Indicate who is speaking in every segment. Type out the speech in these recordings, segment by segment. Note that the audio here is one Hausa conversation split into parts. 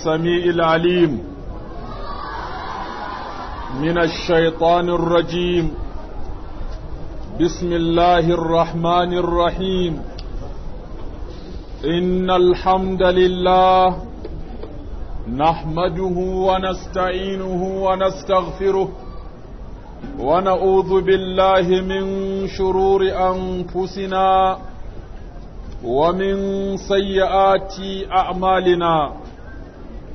Speaker 1: السميع العليم من الشيطان الرجيم بسم الله الرحمن الرحيم إن الحمد لله نحمده ونستعينه ونستغفره ونعوذ بالله من شرور أنفسنا ومن سيئات أعمالنا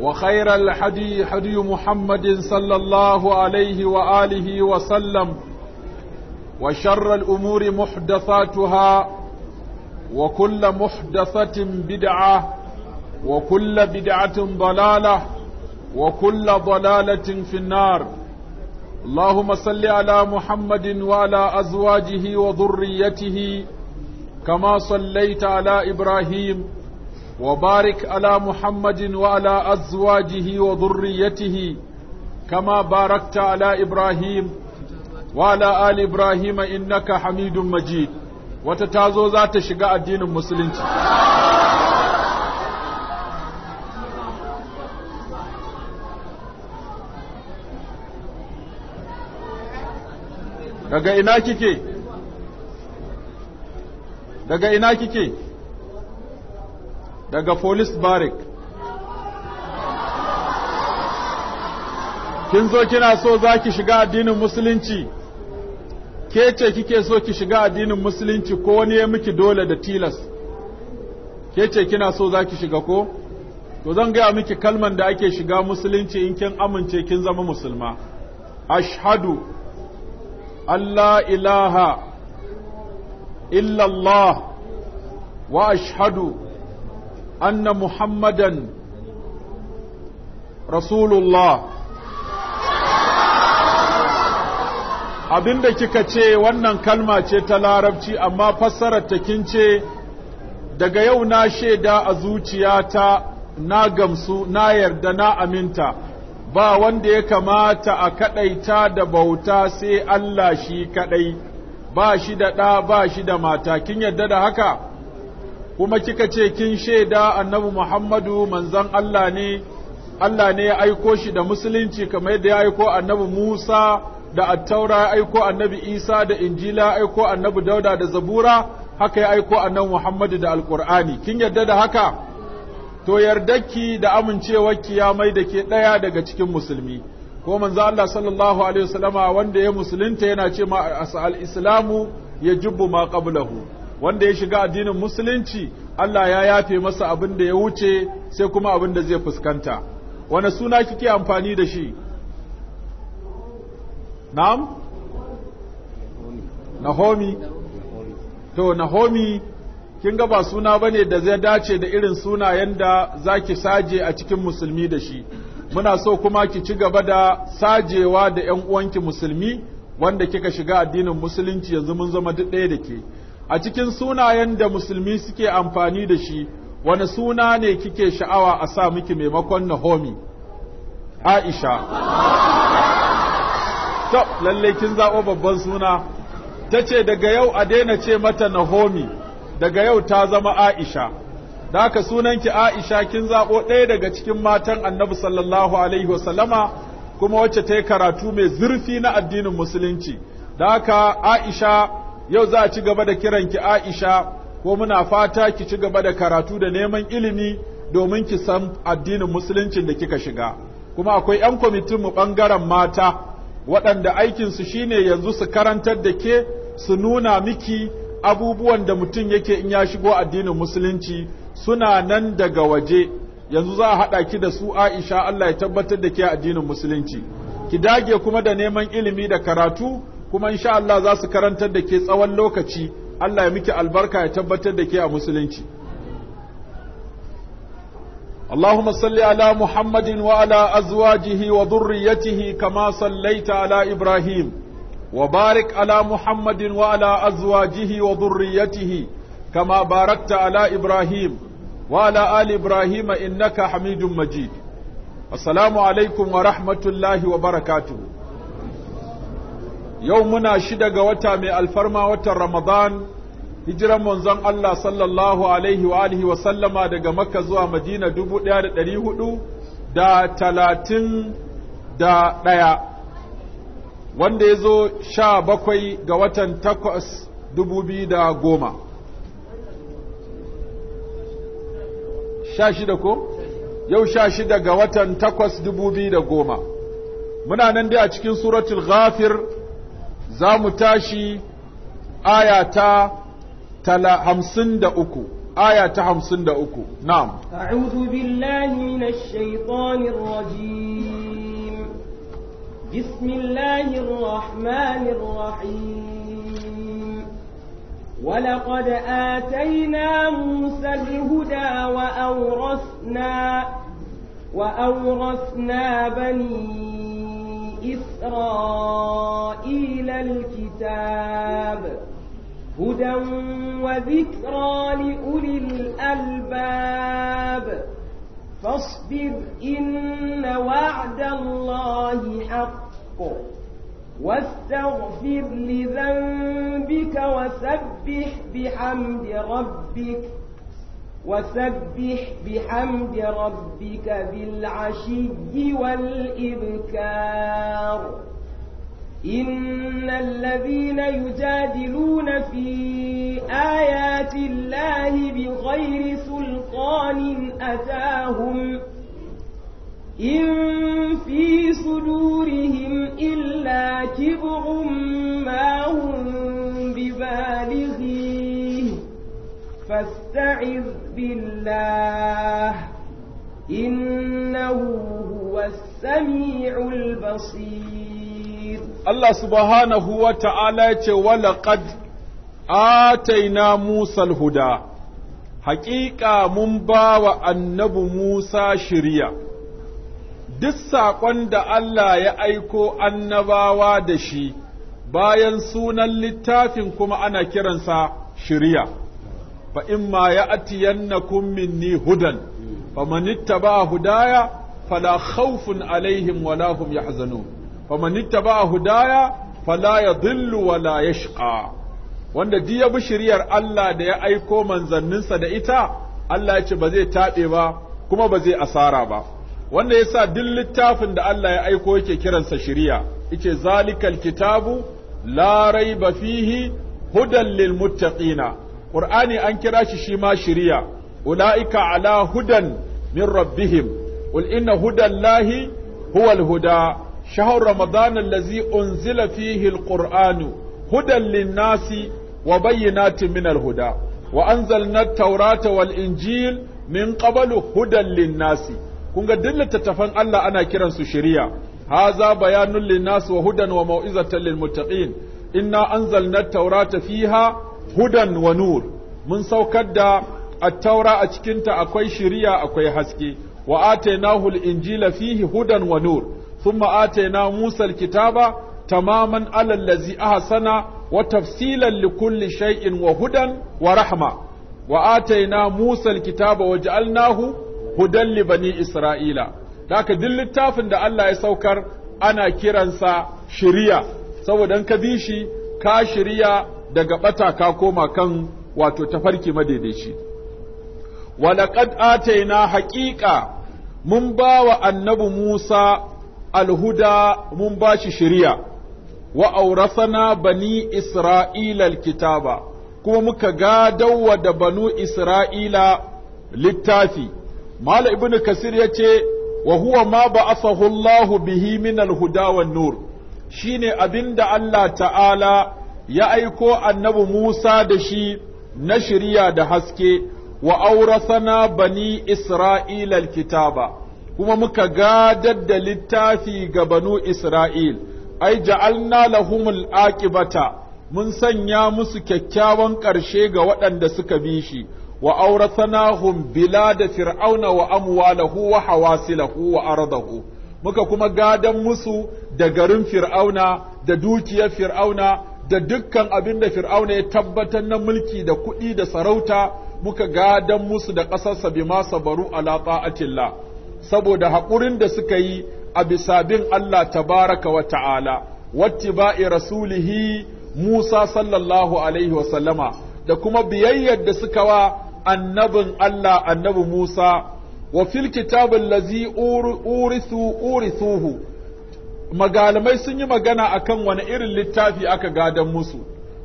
Speaker 1: وخير الحدي حدي محمد صلى الله عليه وآله وسلم وشر الأمور محدثاتها وكل محدثة بدعة وكل بدعة ضلالة وكل ضلالة في النار اللهم صل على محمد وعلى أزواجه وذريته كما صليت على إبراهيم وبارك على محمد وعلى أزواجه وذريته كما باركت على إبراهيم وعلى آل إبراهيم إنك حميد مجيد وتتازو ذات شقاء الدين المسلم daga ina kike daga ina kike daga police barrack kin zo kina so za ki shiga addinin musulunci ke ce kike so ki shiga addinin musulunci ko wani ya miki dole da tilas ke ce kina so za ki shiga ko to zan gaya miki kalman da ake shiga musulunci in kin amince kin zama musulma ashhadu Allah ilaha illallah wa ashhadu أن محمدا رسول الله abinda kika ce wannan kalma ce ta larabci amma fassarar ta kin ce daga yau na shaida a zuciyata na gamsu na yarda na aminta ba wanda ya kamata a kaɗaita da bauta sai Allah shi kaɗai ba shi da ɗa ba shi da mata kin yarda da haka kuma kika ce kin shaida annabi Muhammadu manzon Allah ne Allah ne ya aiko shi da musulunci kamar yadda ya aiko annabi Musa da attaura ya aiko annabi Isa da Injila ya aiko annabi Dauda da Zabura haka ya aiko annabi Muhammadu da Alkur'ani kin yarda da haka to yardarki da ki ya mai da ke ɗaya daga cikin musulmi ko manzo Allah sallallahu alaihi wasallama wanda ya musulunta yana ce ma al-islamu yajibu ma qablahu wanda ya shiga addinin musulunci Allah ya yafe masa abin da ya wuce sai kuma abin da zai fuskanta wani suna kike amfani da shi na'am nahomi to nahomi kin ga ba suna bane da zai dace da irin sunayen da zaki saje a cikin musulmi da shi muna so kuma ki ci gaba da sajewa da 'yan uwanki musulmi wanda kika shiga addinin musulunci yanzu mun zama duk ɗaya da ke a cikin sunayen da musulmi suke amfani da shi wani suna ne kike sha'awa a sa miki maimakon Naomi Aisha to lalle kin zaɓo babban suna tace daga yau a daina ce mata Naomi daga yau ta zama Aisha da sunan sunanki Aisha kin zaɓo ɗaya daga cikin matan Annabi sallallahu alaihi wasallama kuma wacce ta yi karatu mai zurfi na addinin musulunci da aka Aisha yau za a ci gaba da kiranki Aisha ko muna fata ki ci gaba da karatu da neman ilimi domin ki san addinin musuluncin da kika shiga kuma akwai 'yan kwamitin mu ɓangaren mata waɗanda aikin su shine yanzu su karantar da ke su nuna miki abubuwan da mutum yake in ya shigo addinin musulunci suna nan daga waje yanzu za a haɗa ki da su Aisha Allah ya tabbatar da ke addinin musulunci ki dage kuma da neman ilimi da karatu kuma insha Allah za su karantar da ke tsawon lokaci Allah ya miki albarka ya tabbatar da ke a musulunci اللهم صل على محمد وعلى أزواجه وذريته كما صليت على إبراهيم وبارك على محمد وعلى أزواجه وذريته كما باركت على إبراهيم وعلى آل إبراهيم إنك حميد مجيد السلام عليكم ورحمة الله وبركاته yau muna shida ga wata mai alfarma watan Ramadan, hijiran manzon Allah sallallahu Alaihi wa alihi wa sallama daga Makka zuwa Madina dubu ɗaya da ɗari hudu da talatin da ɗaya, wanda ya zo sha bakwai ga watan takwas dubu biyu da goma. Sha shida ko? Yau sha shida ga watan takwas dubu biyu da goma. Muna nan dai a cikin suratul ghafir za mu tashi aya ta hamsin da uku aya ta hamsin da uku na'am
Speaker 2: a'udhu billahi minash shaitanir rajim bismillahir rahmanir rahim ولقد آتينا موسى الهدى وأورثنا وأورثنا بني إسرائيل الكتاب هدى وذكرى لأولي الألباب فاصبر إن وعد الله حق واستغفر لذنبك وسبح بحمد ربك وسبح بحمد ربك بالعشي والإبكار إن الذين يجادلون في آيات الله بغير سلطان أتاهم إن في صدورهم إلا كبر ما هم ببالغين فاستعذ بالله إنه هو السميع البصير
Speaker 1: الله سبحانه وتعالى ولقد آتينا موسى الهدى حقيقة منبا وأنب موسى شريا duk saƙon da Allah ya aiko annabawa da shi bayan sunan littafin kuma ana kiransa shirya. fa imma ya'tiyannakum minni hudan faman ittaba hudaya fala khawfun alaihim wala hum yahzanun faman ittaba hudaya fala yadhillu wala wanda duk ya bi shiriyar Allah da ya aiko manzanninsa da ita Allah ya ce ba zai taɓe ba kuma ba zai asara ba wanda yasa duk littafin da Allah ya aiko yake kiransa shiriya yace zalikal kitabu la raiba fihi hudan lil muttaqina ƙur'ani an kira shi shi ma shiriya ula'ika ala hudan min rabbihim qul inna lahi huwal huda shahr ramadan allazi unzila fihi alqur'anu hudan linnasi wa bayyinatin min alhuda wa anzalna at-taurata wal injil min qablu hudan linnasi kun ga duk littattafan Allah ana kiransu shirya haza bayanun linnas wa hudan wa mau'izatan lil muttaqin inna anzalna taurata fiha hudan wa nur mun saukar da attaura a cikinta akwai shiriya akwai haske wa atainahu al-injila fihi hudan wa nur thumma atayna Musa al-kitaba tamaman ala allazi ahsana wa tafsilan li kulli shay'in wa hudan wa rahma wa atayna Musa al-kitaba ja'alnahu hudan li bani Isra'ila daka duk littafin da Allah ya saukar ana kiransa shiriya saboda in ka bi shi ka shiriya daga ɓata ka koma kan wato tafarki madaidaici walaƙad ataina haƙiƙa mun ba wa annabi musa alhuda mun ba shi shirya wa aurasana bani isra'ila kitaba kuma muka gadawa da banu isra'ila littafi mala ibnu kasir ya ce wa huwa ma ba'athahu Allahu bihi min alhuda wan nur shine abinda Allah ta'ala ya aiko annabi Musa da shi na shirya da haske wa aurasana bani Isra'ila kitaba kuma muka gadar da littafi ga banu Isra'il ai ja'alna lahum aqibata mun sanya musu kyakkyawan ƙarshe ga waɗanda suka bi shi wa bila da fir'auna wa amwalahu wa hawasilahu wa ardahu muka kuma gadan musu da garin fir'auna da dukiyar fir'auna da dukkan abin da fir'auna ya tabbatar na mulki da kuɗi da sarauta muka ga dan musu da ƙasarsa bi ma sabaru ala ta'atillah saboda haƙurin da suka yi a bisa bin Allah tabaraka wa ta'ala wattiba'i rasulihi Musa sallallahu alaihi wa sallama da kuma biyayyar da suka wa annabin Allah annabi Musa wa fil kitabil lazi urithu urithuhu magalamai sun yi magana akan wani irin littafi aka gadon musu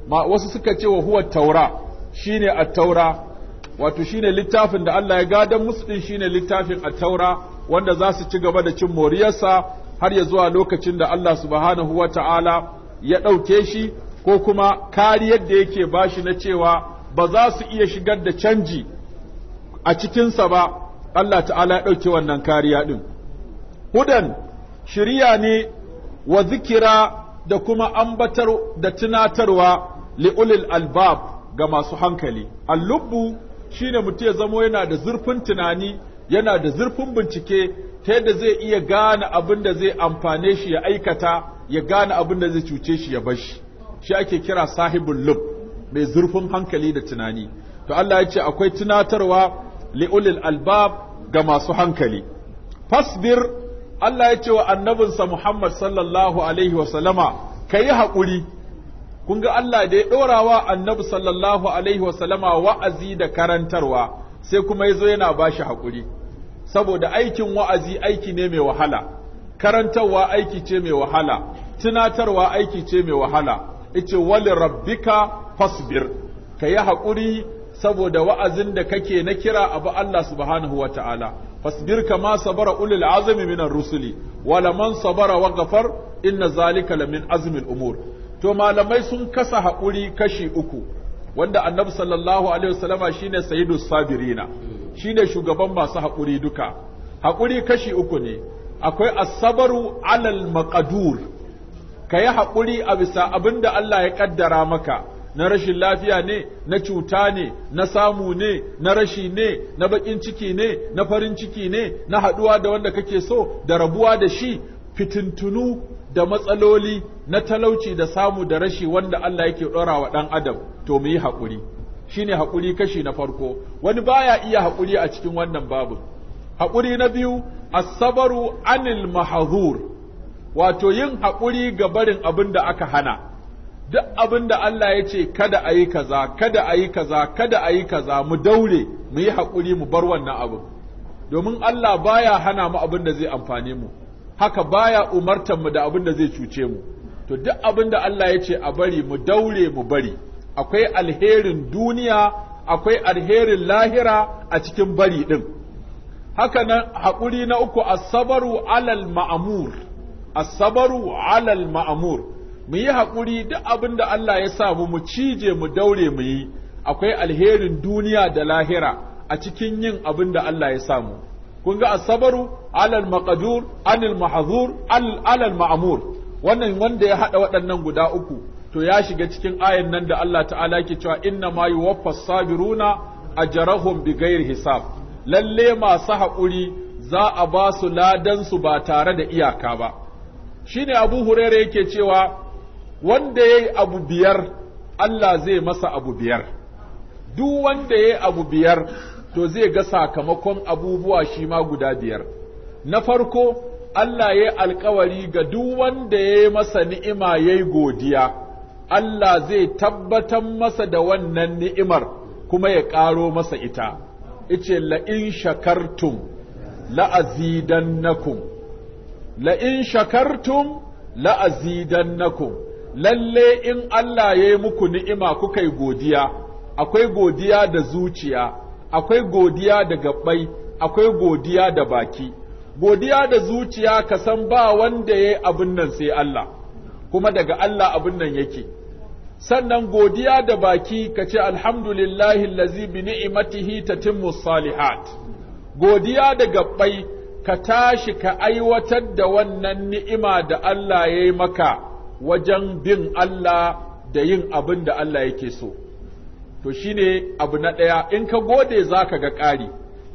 Speaker 1: ma wasu suka ce wa huwa taura shine a taura wato shine littafin da Allah ya gadan musu din shine littafin a taura wanda za su ci gaba da cin moriyarsa har ya zuwa lokacin da Allah subhanahu wa ta'ala ya ɗauke shi ko kuma kariyar da yake bashi na cewa ba za su iya shigar da canji a cikinsa ba Allah ta'ala ya ɗauke wannan kariya ɗin. Hudan shirya ne wa zikira da kuma ambatar da tunatarwa li'ulil albab ga masu hankali Allubu shine mutum ya zamo yana da zurfin tunani yana da zurfin bincike ta yadda zai iya gane abin da zai amfane shi ya aikata ya gane abin da zai cuce shi ya bashi. shi ake kira sahibul lub mai zurfin hankali da tunani to Allah ya ce akwai tunatarwa li'ulil albab ga masu hankali fasbir Allah ya ce wa annabinsa Muhammad sallallahu alaihi wa ka yi haƙuri kun ga Allah da ya ɗora wa annabi sallallahu alaihi wa wa'azi da karantarwa sai kuma ya zo yana ba shi haƙuri saboda aikin wa'azi aiki ne mai wahala karantarwa aiki ce mai wahala tunatarwa aiki ce mai wahala ice wali rabbika fasbir ka yi haƙuri saboda wa'azin da kake na kira abu Allah subhanahu wa ta'ala, fasbir kama sabara ulil azumi minan rusuli, wala man sabara wa gafar inna zalika lamin azumin umur. To malamai sun kasa haƙuri kashi uku, wanda annabi sallallahu alaihi wasallama shine sayyidus sabirina, shine shugaban masu haƙuri duka. Haƙuri kashi uku ne, akwai asabaru alal Maƙadur, ka yi haƙuri a bisa abin da Allah ya ƙaddara maka, na rashin lafiya ne na cuta ne na samu ne na rashi ne na bakin ciki ne na farin ciki ne na haduwa da wanda kake so da rabuwa da shi fitintunu da matsaloli na talauci da samu da rashi wanda Allah yake ɗora wa ɗan adam to mu yi haƙuri. Shi ne haƙuri kashi na farko wani baya iya haƙuri a cikin wannan babu Haƙuri na biyu asabaru anil mahazur, wato yin haƙuri ga barin abin da aka hana duk abin da Allah ya ce kada a yi kaza kada a yi kaza kada a yi kaza mu daure mu yi haƙuri mu bar wannan abin domin Allah baya hana mu abin da zai amfani mu haka baya umartar mu da abin da zai cuce mu to duk abin da Allah ya ce a bari mu daure mu bari akwai alherin duniya akwai alherin lahira a cikin bari ɗin. haka nan haƙuri na uku asabaru alal ma'amur asabaru alal ma'amur mu yi haƙuri duk abin da Allah ya sa mu mu cije mu daure mu yi akwai alherin duniya da lahira a cikin yin abin da Allah ya samu kun ga asabaru alal maqdur anil mahzur alal ma'mur wannan wanda ya hada waɗannan guda uku to ya shiga cikin ayan nan da Allah ta'ala ke cewa inna ma yuwaffas sabiruna ajrahum bighairi hisab lalle masu haƙuri za a ba su ladan su ba tare da iyaka ba shine Abu Hurairah yake cewa wanda yayi abu biyar Allah zai masa abu biyar duk wanda yayi abu biyar to zai ga sakamakon abubuwa shi ma guda biyar na farko Allah yayi alkawari ga duk wanda yayi masa ni'ima yayi godiya Allah zai tabbatar masa da wannan ni'imar kuma ya ƙaro masa ita ice la'in shakartum la'azidannakum la'in shakartum la'azidannakum lalle in Allah ya yi muku ni'ima kuka yi godiya akwai godiya da zuciya akwai godiya da gabbai akwai godiya da baki godiya da zuciya ka san ba wanda ya yi abin nan sai Allah kuma daga Allah abin nan yake sannan godiya da baki ka ce alhamdulillahi lazi bi ni'imatihi tatimmu salihat godiya da gabbai ka tashi ka aiwatar da wannan ni'ima da Allah ya yi maka wajen bin Allah da yin abin da Allah yake so to shine abu na ɗaya in ka gode za ka ga ƙari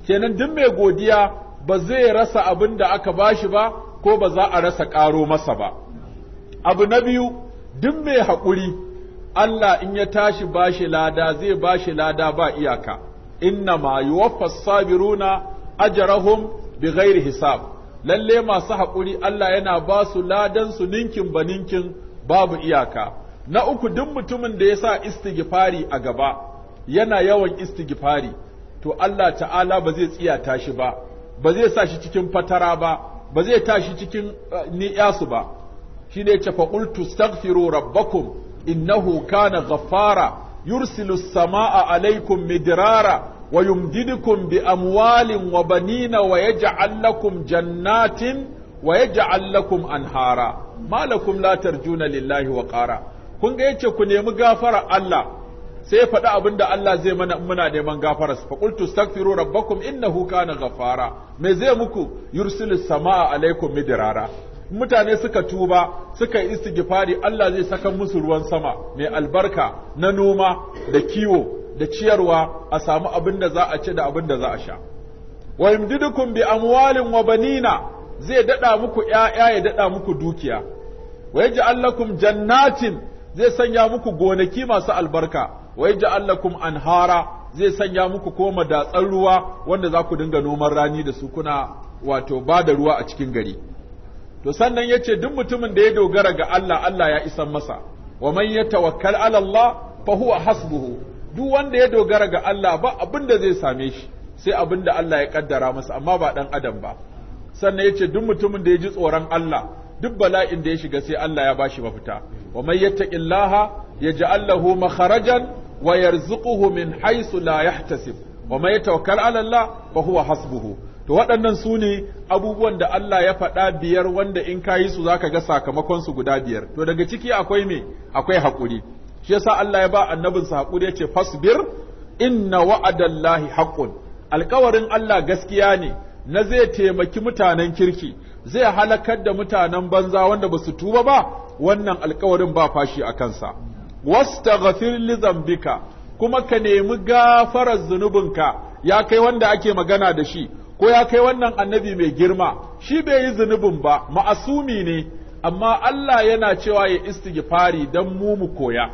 Speaker 1: kenan duk mai godiya ba zai rasa abin da aka bashi ba ko ba za a rasa ƙaro masa ba abu na biyu duk mai haƙuri Allah in ya tashi bashi lada zai bashi lada ba iyaka inna ma yuwaffas sabiruna ajrahum bighairi hisab lalle masu haƙuri Allah yana ba su ladan su ninkin ba ninkin babu iyaka na uku duk mutumin da ya sa istighfari a gaba yana yawan istighfari to Allah ta'ala ba zai tsiyata shi ba ba zai sa shi cikin fatara ba ba zai tashi cikin eh, ni'yasu ba shi ne ce faqultu astaghfiru rabbakum innahu kana ghaffara yursilu samaa alaikum midrara wa yumdidukum bi amwalin wa banina wa yaj'al jannatin wa yaj'al lakum anhara malakum la tarjuna lillahi wa qara kun ga yace ku nemi gafara Allah sai ya faɗi abin da Allah zai mana muna neman gafara fa qultu astaghfiru rabbakum innahu kana ghafara me zai muku yursilu samaa alaikum midrara mutane suka tuba suka yi istighfari Allah zai saka musu ruwan sama mai albarka na noma da kiwo da ciyarwa a samu abin da za a ci da abin da za a sha wa yumdidukum bi amwalin wa banina zai daɗa muku ya'ya ya dada muku dukiya wa yaj'al lakum jannatin zai sanya muku gonaki masu albarka wa yaj'al lakum anhara zai sanya muku koma datsan ruwa wanda za ku dinga noman rani da su kuna wato ba da ruwa a cikin gari to sannan yace duk mutumin da ya dogara ga Allah Allah ya isan masa wa man yatawakkal ala Allah fa huwa hasbuhu duk wanda ya dogara ga Allah ba abin da zai same shi sai abin da Allah ya kaddara masa amma ba dan adam ba sannan yace duk mutumin da ya ji tsoron Allah duk bala'in da ya shiga sai Allah ya bashi mafita wa may yattaqillaha yaj'al lahu makharajan wa yarzuquhu min haythu la yahtasib wa may tawakkal 'ala Allah fa huwa hasbuhu to waɗannan su ne abubuwan da Allah ya faɗa biyar wanda in kayi su zaka ga sakamakon su guda biyar to daga ciki akwai me akwai hakuri. shi yasa Allah ya ba annabin sa hakuri yace fasbir inna wa'adallahi haqqun alkawarin Allah gaskiya ne na zai taimaki mutanen kirki zai halakar da mutanen banza wanda ba su tuba ba wannan alkawarin ba fashi a kansa wastaghfir li zambika kuma ka nemi gafarar zunubinka ya kai wanda ake magana da shi ko ya kai wannan annabi mai girma shi bai yi zunubin ba ma'asumi ne amma Allah yana cewa ya istighfari dan mu mu koya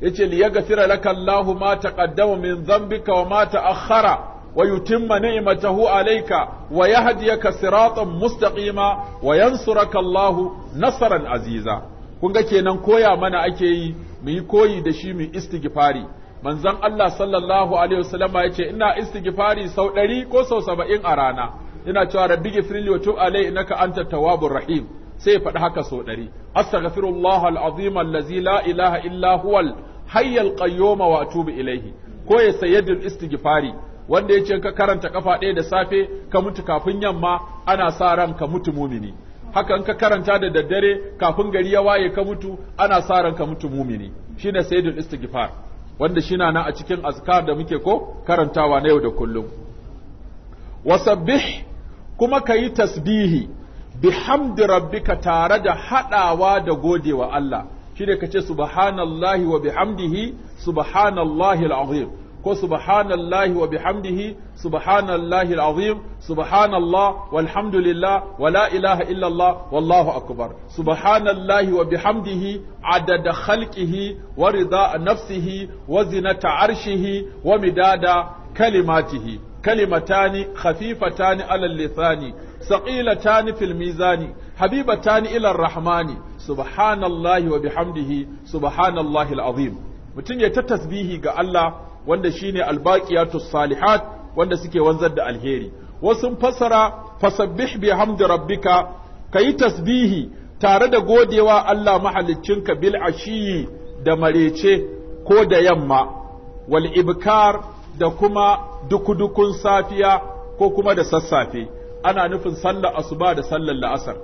Speaker 1: yace li yaghfira laka Allahu ma taqaddama min dhanbika wa ma ta'akhkhara wa yutimma ni'matahu alayka wa yahdiyaka siratan mustaqima wa yansuraka Allahu nasaran aziza kun ga kenan koya mana ake yi mu yi koyi da shi mu istighfari manzon Allah sallallahu alaihi ya yace ina istighfari sau ɗari ko sau saba'in a rana ina cewa rabbi gifrili wa tub alai innaka anta tawwabur rahim sai ya faɗi haka sau ɗari astaghfirullah al'azim allazi la ilaha illa huwal hayyal qayyum wa atubu ilaihi ko ya sayyidul istighfari wanda ya ce ka karanta kafa ɗaya da safe ka mutu kafin yamma ana sa ran ka mutu mumini hakan ka karanta da daddare kafin gari ya waye ka mutu ana sa ran ka mutu mumini shine sayyidul istighfar wanda shi na a cikin azkar da muke ko karantawa na yau da kullum wasabbih kuma ka yi tasbihi bihamdi rabbika tare da hadawa da godewa Allah shine kace subhanallahi wa bihamdihi subhanallahi alazim ko subhanallahi wa bihamdihi subhanallahi alazim subhanallah walhamdulillah wala ilaha illallah wallahu akbar subhanallahi wa bihamdihi adada khalqihi wa rida nafsihi wa zinata arshihi wa midada kalimatihi kalimatani khafifatani alal lisani Saƙila saqilatani fil mizani habibatani ila rahmani subhanallahi wa bihamdihi subhanallahi alazim mutum ya ta tasbihi ga Allah wanda shine albaqiyatus salihat wanda suke wanzar da alheri wasu fasara fasabbih bihamdi rabbika yi tasbihi tare da godewa Allah mahaliccinka bil ashiyi da marece ko da yamma wal ibkar da kuma dukudukun safiya ko kuma da sassafe ana nufin sallar asuba da sallar la'asar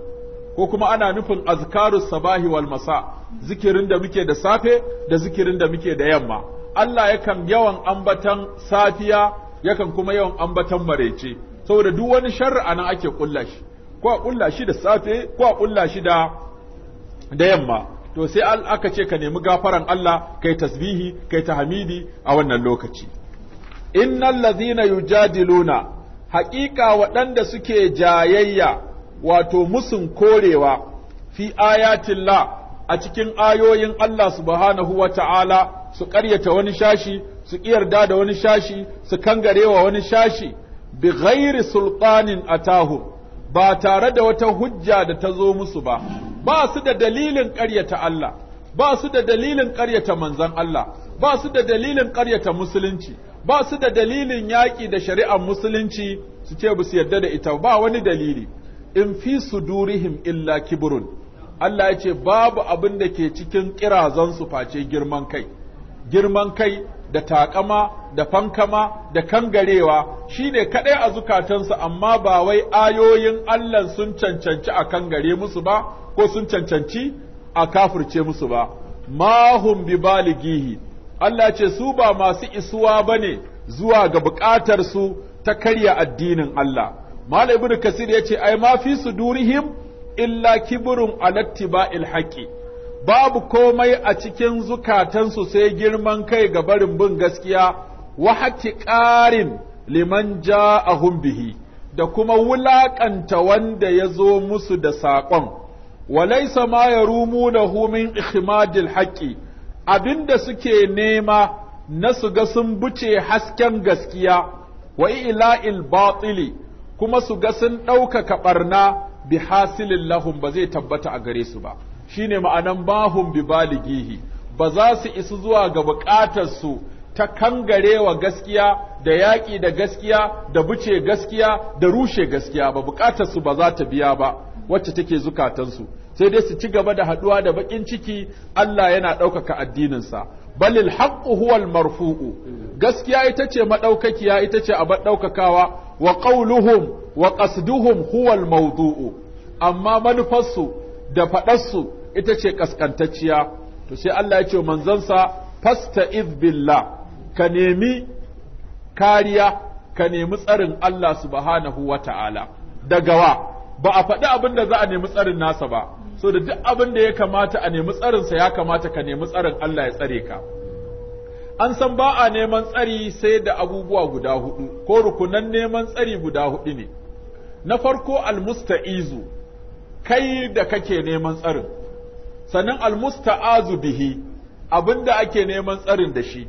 Speaker 1: ko kuma ana nufin azkarus sabahi wal masa zikirin da muke da safe da zikirin da muke da yamma Allah yakan yawan ambatan safiya yakan kuma yawan ambatan marece saboda duk wani sharri anan ake kulla shi ko a kulla shi da safe ko a kulla shi da da yamma to sai aka ce ka nemi gafaran Allah kai tasbihi kai tahmidi a wannan lokaci innal ladhina yujadiluna haƙiƙa waɗanda suke jayayya wato musun korewa fi ayatillah a cikin ayoyin Allah subhanahu wa ta'ala su ƙaryata wani shashi su ƙiyarda da wani shashi su kangarewa wani shashi bi ghairi sultanin atahu ba tare da wata hujja da ta zo musu ba ba su da dalilin ƙaryata Allah ba su da dalilin ƙaryata manzon Allah ba su da dalilin ƙaryata musulunci ba su da dalilin yaƙi da shari'ar musulunci su ce su yarda da ita ba wani dalili in fi su durihim illa kibrun Allah ya ce babu abin da ke cikin su face girman kai girman kai da taƙama da fankama da kangarewa shine kaɗai a zukatansu amma ba wai ayoyin Allah sun cancanci a kangare musu ba ko sun cancanci a kafirce musu ba mahum bi baligihi Allah ce su ba masu isuwa bane zuwa ga buƙatar su ta karya addinin Allah Malam Ibn Kasir ya ce ai ma fi durihim illa kibrun alattiba'il haqqi babu komai a cikin zukatansu sai girman kai ga barin bin gaskiya wa ƙarin liman a bihi da kuma wulaƙanta wanda ya zo musu da saƙon walaysa ma yarumunahu min ihmadil haqqi Abin da suke nema na su ga sun buce hasken gaskiya wa ila'il batili kuma su ga sun ɗaukaka ɓarna bi hasilin lahum ba zai tabbata a gare su ba shine ma'anan bahun bi baligihi ba za su isu zuwa ga bukatar su ta kangarewa gaskiya da yaƙi da gaskiya da buce gaskiya da rushe gaskiya ba bukatar su ba za ta biya ba wacce take zukatansu sai dai su ci gaba da haɗuwa da bakin ciki Allah yana ɗaukaka addininsa balil haqqu huwal marfu'u gaskiya ita ce madaukakiya ita ce abin ɗaukakawa wa qawluhum wa qasduhum huwal mawdu'u amma manufarsu da faɗarsu ita ce kaskantacciya to sai Allah ya ce manzansa fasta'iz billah ka nemi kariya ka nemi tsarin Allah subhanahu wa ta'ala daga wa ba a faɗi abin da za a nemi tsarin nasa ba so da duk abin da ya kamata a nemi tsarinsa ya kamata ka nemi tsarin Allah ya tsare ka an san ba a neman tsari sai da abubuwa guda hudu ko rukunan neman tsari guda hudu ne na farko almusta'izu kai da kake neman tsarin sannan almusta'azu bihi da ake neman tsarin da shi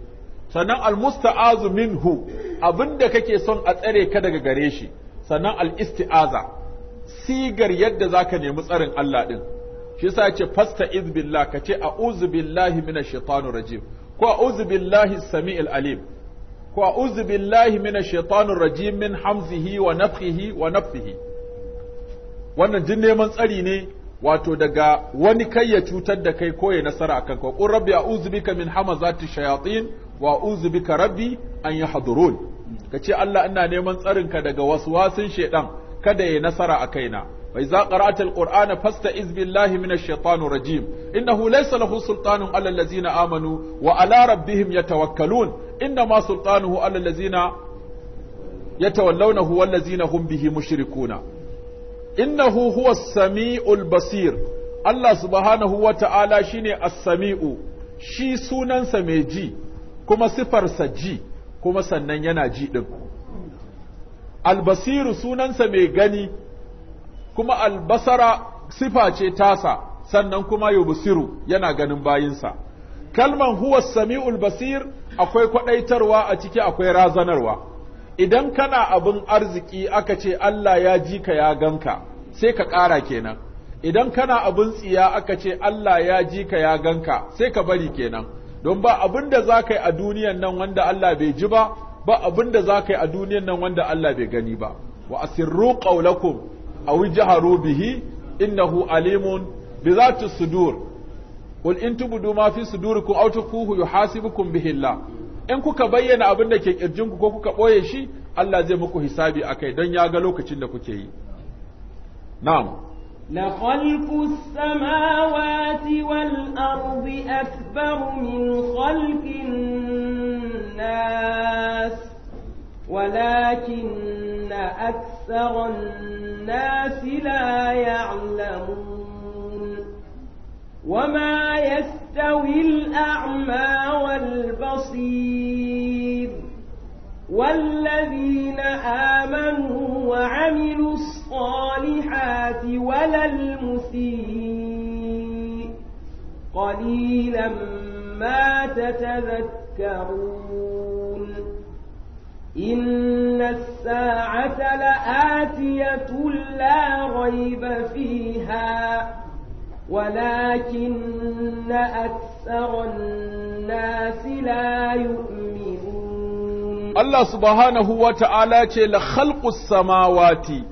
Speaker 1: sannan almusta'azu minhu abinda kake son a tsare ka daga gare shi sannan al-isti'aza sigar yadda za ka nemi tsarin Allah ɗin, shi sa ce fasta izbillah ka ce a uzubillahi mina shaitanu rajim ko a uzubillahi sami alim ko a uzubillahi mina shaitanu rajim min hamzihi wa nafihi wa nafihi. wannan jin neman tsari ne wato daga wani kai ya cutar da kai ko ya nasara akan ka qur rabbi a'udhu bika min hamazati shayatin wa a'udhu rabbi an ka ce Allah ina neman tsarinka daga wasu waswasin shedan kada ya nasara a kaina wa idza qara'ta alqur'ana fasta'iz billahi minash shaitanir rajim innahu laysa lahu sultanun 'ala allazina amanu wa 'ala rabbihim yatawakkalun innama sultanuhu 'ala allazina yatawallawnahu wallazina hum bihi mushrikuna innahu huwa as-sami'ul basir Allah subhanahu wa ta'ala shine as-sami'u shi sunansa mai ji kuma sifarsa ji kuma sannan yana ji din albasiru sunansa mai gani kuma albasara sifa ce tasa sannan kuma yubsiru yana ganin bayinsa kalman huwa sami'ul basir akwai kwadaitarwa a ciki akwai razanarwa idan kana abin arziki aka ce Allah ya ji ka ya ganka sai ka ƙara kenan idan kana abin tsiya aka ce Allah ya ji ka ya ganka sai ka bari kenan don ba abin da za ka yi a duniyan nan wanda Allah bai ji ba ba abin da za ka yi a duniyan nan wanda Allah bai gani ba wa asirru qawlakum aw jaharu bihi innahu alimun bi zati sudur qul in tubdu ma fi sudurikum aw tukuhu yuhasibukum bihi Allah in kuka bayyana abin da ke kirjinku ko kuka boye shi Allah zai muku hisabi akai don ya ga lokacin da kuke yi na'am
Speaker 2: لخلق السماوات والأرض أكبر من خلق الناس ولكن أكثر الناس لا يعلمون وما يستوي الأعمى والبصير والذين آمنوا وعملوا الصالحات ولا المسيء قليلا ما تتذكرون إن الساعة لآتية لا ريب فيها ولكن أكثر الناس لا يؤمنون
Speaker 1: Allah subhanahu wa ta'ala ce la khalqus samawati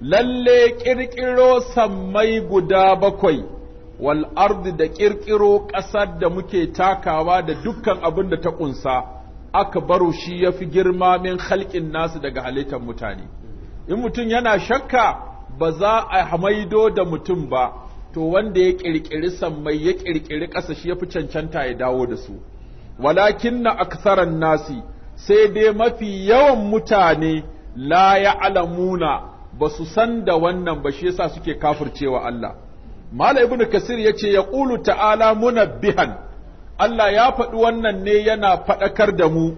Speaker 1: lalle ƙirƙiro sammai guda bakwai wal ardi da ƙirƙiro ƙasar da muke takawa da dukkan abin da ta ƙunsa aka baro shi ya fi girma min halƙin nasu daga halittar mutane in mutum yana shakka ba za a hamaido da mutum ba to wanda ya ƙirƙiri sammai ya ƙirƙiri ƙasa shi ya fi cancanta ya dawo da su walakin na nasi sai dai mafi yawan mutane la ya'lamuna ba su san da wannan ba shi yasa suke kafircewa Allah Malam Ibn Kasir ya ce ya ƙulu ta'ala munabbihan Allah ya faɗi wannan ne yana faɗakar da mu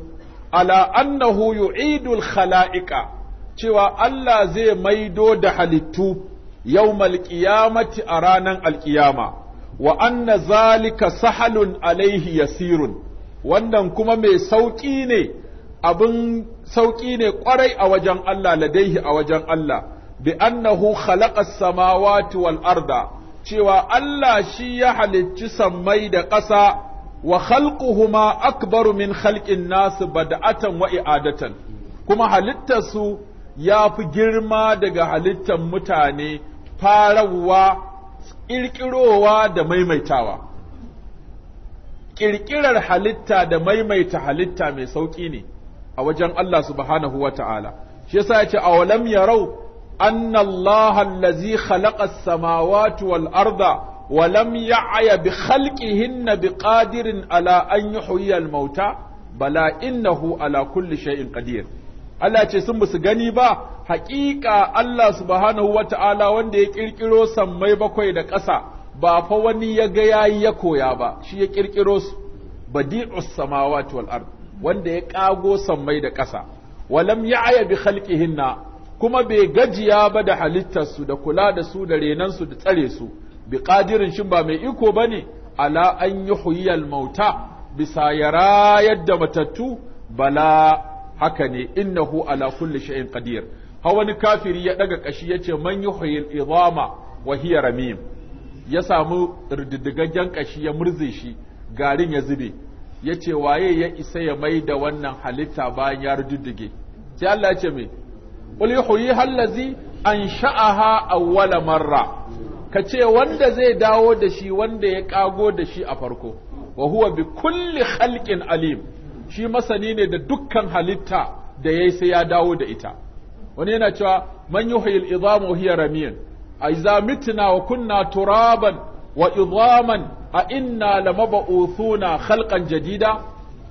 Speaker 1: ala annahu yu'idul khala'iqa cewa Allah zai maido da halittu yawmal qiyamati a ranar alƙiyama wa anna zalika sahalun alaihi yasirun wannan kuma mai sauƙi ne abin sauƙi ne ƙwarai a wajen Allah ladaihi a wajen Allah bi annahu khalaqas samawati wal arda cewa Allah shi ya halicci sammai da ƙasa wa khalquhuma akbaru min khalqin nas bada'atan wa i'adatan kuma halittarsu ya fi girma daga halittan mutane farawa ƙirƙirowa da maimaitawa ƙirƙirar halitta da maimaita halitta mai sauƙi ne a wajen Allah subhanahu wa ta'ala shi yasa ya ce awalam yarau anna Allah allazi khalaqa as-samawati wal arda walam ya ya'ya bi khalqihinna bi qadirin ala an yuhyiya mauta bala innahu ala kulli shay'in qadir Allah ce sun su gani ba haƙiƙa Allah subhanahu wa ta'ala wanda ya ƙirƙiro sammai bakwai da ƙasa ba fa wani ya ga yayi ya koya ba shi ya ƙirƙiro su badi'us samawati wal ard wanda ya kago sammai da ƙasa walam ya ayabi bi hinna kuma bai gajiya ba da halittarsu da kula da su da renansu da tsare su bi ƙadirin shin ba mai iko ba ne. ala an yuhyiyal mauta bisa yara yadda matattu bala haka ne Inna hu! ala kulli sha'in ƙadir. ha wani kafiri ya ɗaga ƙashi ya ce man yuhyil izama wa hiya ramim ya samu rididdigaggen ƙashi ya murze shi garin ya zube ya ce waye ya isa ya mai da wannan halitta bayan ya rududdige sai Allah ya ce me qul yuhyi allazi ansha'aha awwala marra ka ce wanda zai dawo da shi wanda ya kago da shi a farko wa huwa bi kulli khalqin alim shi masani ne da dukkan halitta da yayi sai ya dawo da ita wani yana cewa man yuhyi al-idhamu hiya ramiyan aiza mitna wa kunna turaban wa idhaman a inna lamab'uthuna khalqan jarida?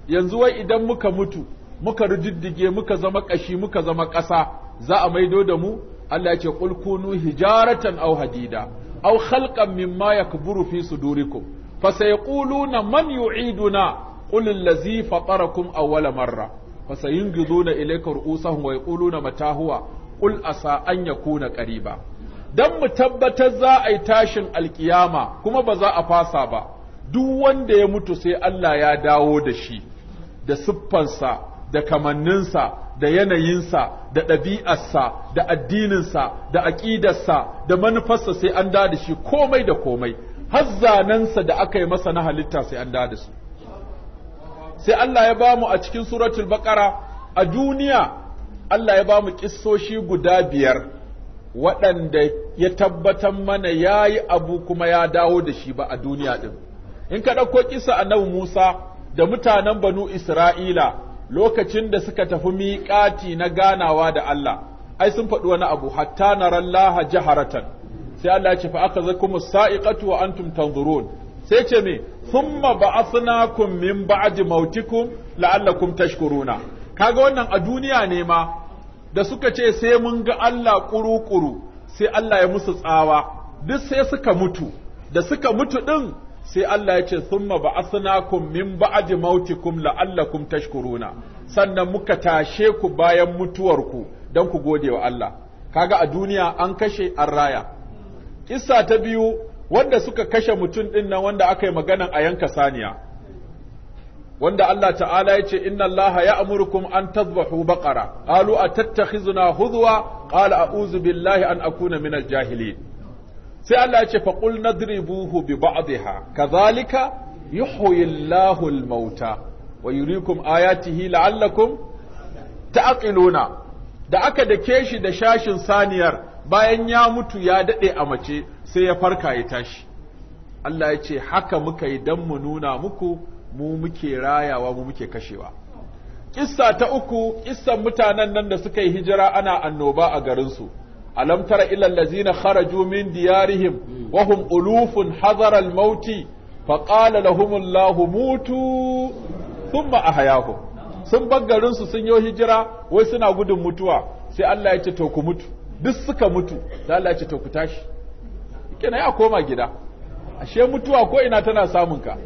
Speaker 1: yanzu wai idan muka mutu muka rididdige muka zama ƙashi muka zama ƙasa za a maido da mu Allah ya ce qul kunu hijaratan aw hadida aw khalqan mimma yakburu fi sudurikum fasayquluna man kun awala allazi fatarakum awwala marra fasayinghiduna ilayka ru'usahum wa yaquluna mata huwa qul asa an na ƙariba. don mu tabbatar za a yi tashin alkiyama kuma ba za a fasa ba duk wanda ya mutu sai Allah ya dawo da shi da siffansa da kamanninsa da yanayinsa da ɗabi'arsa da addininsa da aƙidarsa da manufarsa sai an da shi komai da komai har zanensa da aka yi masa na halitta sai an da su sai Allah ya bamu a cikin suratul baqara a duniya Allah ya bamu kissoshi guda biyar waɗanda ya tabbatar mana ya yi abu kuma ya dawo da shi ba a duniya ɗin. In ka ɗauko kisa nan Musa da mutanen banu Isra'ila lokacin da suka tafi miƙati na ganawa da Allah, ai sun faɗi wani abu, hatta na rallaha jaharatan, sai Allah ya ce fa aka zai kuma sa'iƙatu wa antum tanzurun. Sai ce me, summa ba'athnakum min ba'aji mautikum la'allakum tashkuruna. Kaga wannan a duniya ne ma da suka ce sai mun ga Allah kuru-kuru sai Allah ya musu tsawa duk sai suka mutu da suka mutu din sai Allah ya ce summa ba'athnakum min ba'di mautikum la'allakum tashkuruna sannan muka tashe ku bayan mutuwar ku don ku gode wa Allah kaga a duniya an kashe an raya kissa ta biyu wanda suka kashe mutum din nan wanda aka yi maganan a yanka saniya wanda Allah ta'ala ya ce inna Allah ya amurkum an tadbahu baqara qalu atattakhizuna hudwa qala a'udhu billahi an akuna min al-jahilin sai Allah ya ce fa qul nadribuhu bi ba'dihha kadhalika yuhyi Allahu al-mauta wa yuriikum ayatihi la'allakum ta'qiluna da aka dake shi da shashin saniyar bayan ya mutu ya dade a mace sai ya farka ya tashi Allah ya ce haka muka yi dan mu nuna muku mu muke rayawa mu muke kashewa kissa ta uku kissan mutanen nan da suka yi hijira ana annoba a garinsu alam tara ila allazina kharaju min diyarihim wa hum ulufun hadara al-maut fa qala lahum allah mutu thumma ahyahum sun bar garinsu sun yi hijira wai suna gudun mutuwa sai Allah ya ce to ku mutu duk suka mutu sai Allah ya ce to ku tashi kina ya koma gida ashe mutuwa ko ina tana samun ka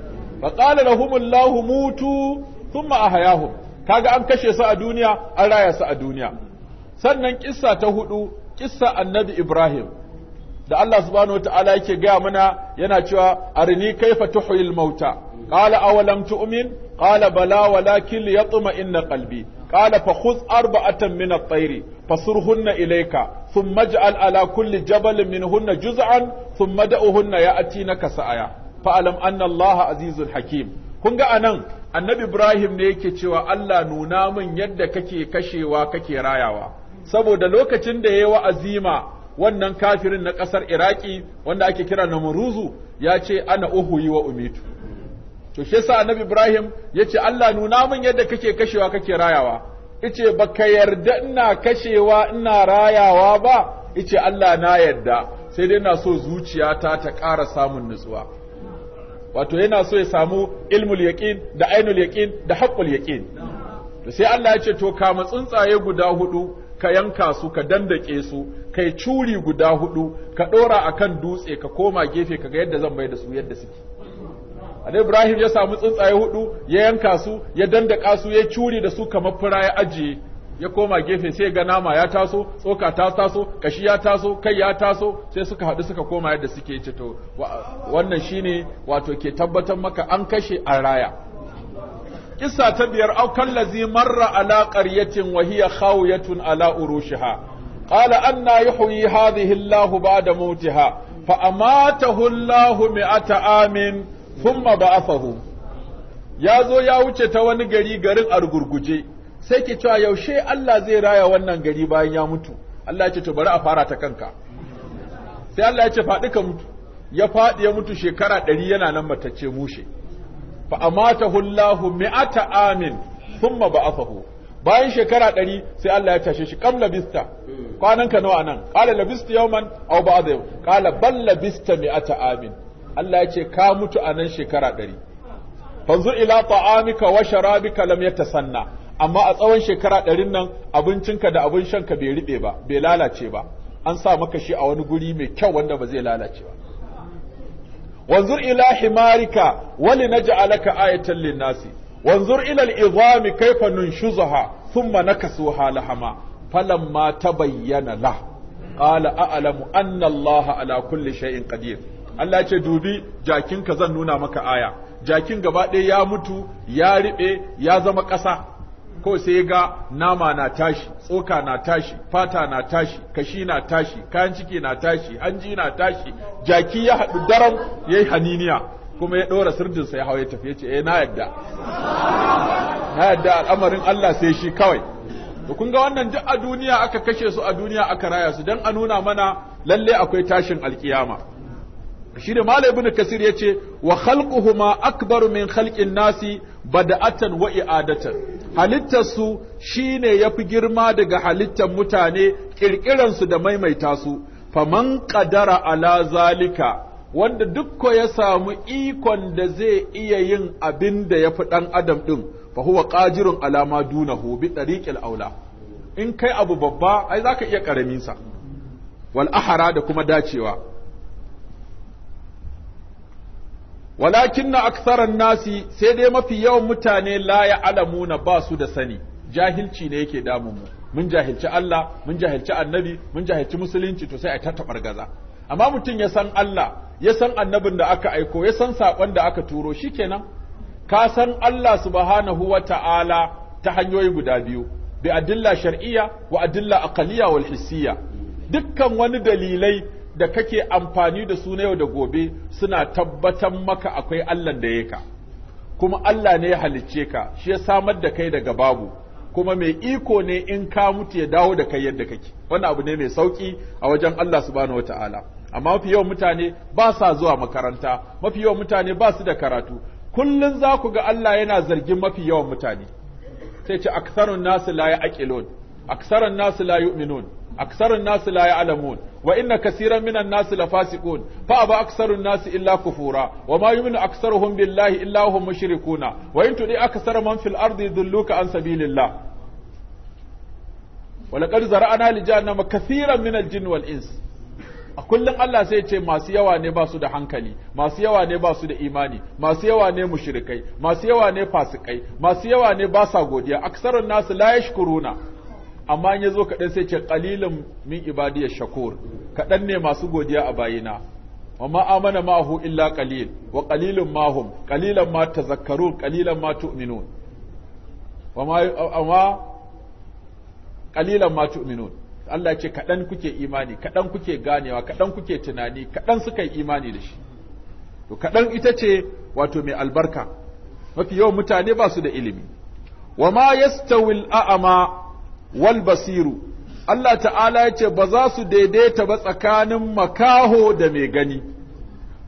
Speaker 1: fa qala lahumullahu mutu thumma ahyahum kaga an kashe su a duniya an raya su a duniya sannan kissa ta hudu kissa annabi Ibrahim da Allah subhanahu wataala yake gaya mana yana cewa arini kaifa tuhyil mauta qala awalam tu'min qala bala walakin liyatma inna qalbi qala fakhudh arba'atan min at-tayr fasurhunna ilayka thumma ij'al ala kulli jabalin minhunna juz'an thumma da'uhunna ya'tinaka sa'aya fa'alam anna Allah azizul hakim kun ga anan annabi Ibrahim ne yake cewa Allah nuna min yadda kake kashewa kake rayawa saboda lokacin da yayi wa'azima wannan kafirin na ƙasar Iraki wanda ake kira na muruzu, ya ce ana uhu yi wa umitu to shi yasa annabi Ibrahim ya ce Allah nuna min yadda kake kashewa kake rayawa ice baka yarda ina kashewa ina rayawa ba ice Allah na yarda sai dai na so zuciyata ta ƙara samun nutsuwa wato yana so ya samu ilmul yaqin da ainul yaqin da haqqul yaqin to sai Allah ya ce to kama tsuntsaye guda hudu ka yanka su ka dandake su kai curi guda hudu ka dora akan dutse ka koma gefe ka ga yadda zan bai da su yadda suke Annabi Ibrahim ya samu tsuntsaye hudu ya yanka su ya dandaka su ya curi da su kamar fura ya ajiye ya koma gefe sai ga nama ya taso tsoka ta taso kashi ya taso kai ya taso sai suka haɗu suka koma yadda suke ce to wannan shine wato ke tabbatar maka an kashe a raya kissa ta biyar au kallazi marra ala qaryatin wa hiya khawiyatun ala urushiha qala anna yuhyi hadhihi Allah ba'da mautiha fa amatahu Allah mi'ata amin thumma ba'athahu ya ya wuce ta wani gari garin Argurguje. sai ke cewa yaushe Allah zai raya wannan gari bayan ya mutu Allah ya ce to bari a fara ta kanka sai Allah ya ce faɗi ka mutu ya faɗi ya mutu shekara ɗari yana nan matace mushe fa amatahu Allahu mi'ata amin thumma ba'athahu bayan shekara ɗari sai Allah ya tashe shi kam labista kwanan ka nawa nan qala labista yawman aw ba'da yawm qala bal labista mi'ata amin Allah ya ce ka mutu anan shekara ɗari fanzur ila ta'amika wa sharabika lam yatasanna amma a tsawon shekara ɗarin nan abincinka da abin shanka bai riɓe ba bai lalace ba an sa maka shi a wani guri mai kyau wanda ba zai lalace ba wanzur ila himarika wali alaka ayatan linnasi wanzur ila al'izami kaifa nunshuzaha thumma nakasuha lahama falamma tabayyana la qala a'lamu anna allaha ala kulli shay'in qadir Allah ce dubi jakinka zan nuna maka aya jakin gaba ɗaya ya mutu ya riɓe ya zama ƙasa ko sai ga nama na tashi tsoka na tashi fata na tashi kashi na tashi kayan ciki na tashi hanji na tashi jaki ya haɗu daram yi haniniya kuma ya ɗora sirdinsa ya hau ya tafi ya ce eh, na yadda na yadda al'amarin Allah sai shi kawai to kun ga wannan duk a duniya aka kashe su a duniya aka raya su don a nuna mana lalle akwai tashin alkiyama shi da malai ibn kasir ya ce wa khalquhuma akbaru min khalqin nasi bada'atan wa i'adatan halittarsu shi ne ya fi girma daga halittar mutane ƙirƙiransu da maimaita su faman ƙadara ala zalika wanda dukko ya samu ikon da zai iya yin abin da ya fi ɗan adam ɗin fa huwa ƙajirun alama dunahu bi ɗariƙil aula in kai abu babba ai za ka iya ƙaraminsa sa. Wal'ahara da kuma dacewa walakin na aksaran nasi sai dai mafi yawan mutane la ya na ba su da sani jahilci ne yake damun mu mun jahilci Allah mun jahilci annabi mun jahilci musulunci to sai a tattabar gaza amma mutum ya san Allah ya san annabin da aka aiko ya san sakon da aka turo shikenan ka san Allah subhanahu wa ta'ala ta hanyoyi guda biyu bi adilla shar'iyya wa adilla aqaliyya wal dukkan wani dalilai da kake amfani da su na yau da gobe suna tabbatar maka akwai Allah da ya ka kuma Allah ne ya halicce ka shi ya samar da kai daga babu kuma mai iko ne in ka mutu ya dawo da kai yadda kake wannan abu ne mai sauki a wajen Allah subhanahu wataala amma mafi yawan mutane ba sa zuwa makaranta mafi yawan mutane ba su da karatu Kullum za ku ga Allah yana zargin mafi yawan mutane sai ce aksarun nasu la ya'qilun aksarun nasu la yu'minun aksarun nasu la alamu. wa inna kaseeran minan nasu lafasiqun fa aba aksarun nasu illa kufura wa ma yu'minu aksaruhum billahi illa hum mushrikuna wa in man fil ardi yudilluka an sabilillah wa laqad zara'na li jahannama kaseeran minal jinn wal ins a kullum Allah sai ce masu yawa ne ba su da hankali masu yawa ne ba da imani masu yawa ne mushrikai masu yawa ne fasikai masu yawa ne ba godiya aksarun nasu la yashkuruna amma in ya zo kaɗan sai ce ƙalilin min ibadiyar shakur kaɗan ne masu godiya a bayina amma amana ma'ahu illa ƙalil wa ƙalilin mahum ƙalilan ma tazakkarun ƙalilan ma tu'minun amma ƙalilan ma tu'minun Allah ce kaɗan kuke imani kaɗan kuke ganewa kaɗan kuke tunani kaɗan suka yi imani da shi to kaɗan ita ce wato mai albarka mafi yawan mutane ba su da ilimi wa ma yastawil a'ama wal basiru Allah ta'ala ya ce ba za su daidaita ba tsakanin makaho da mai gani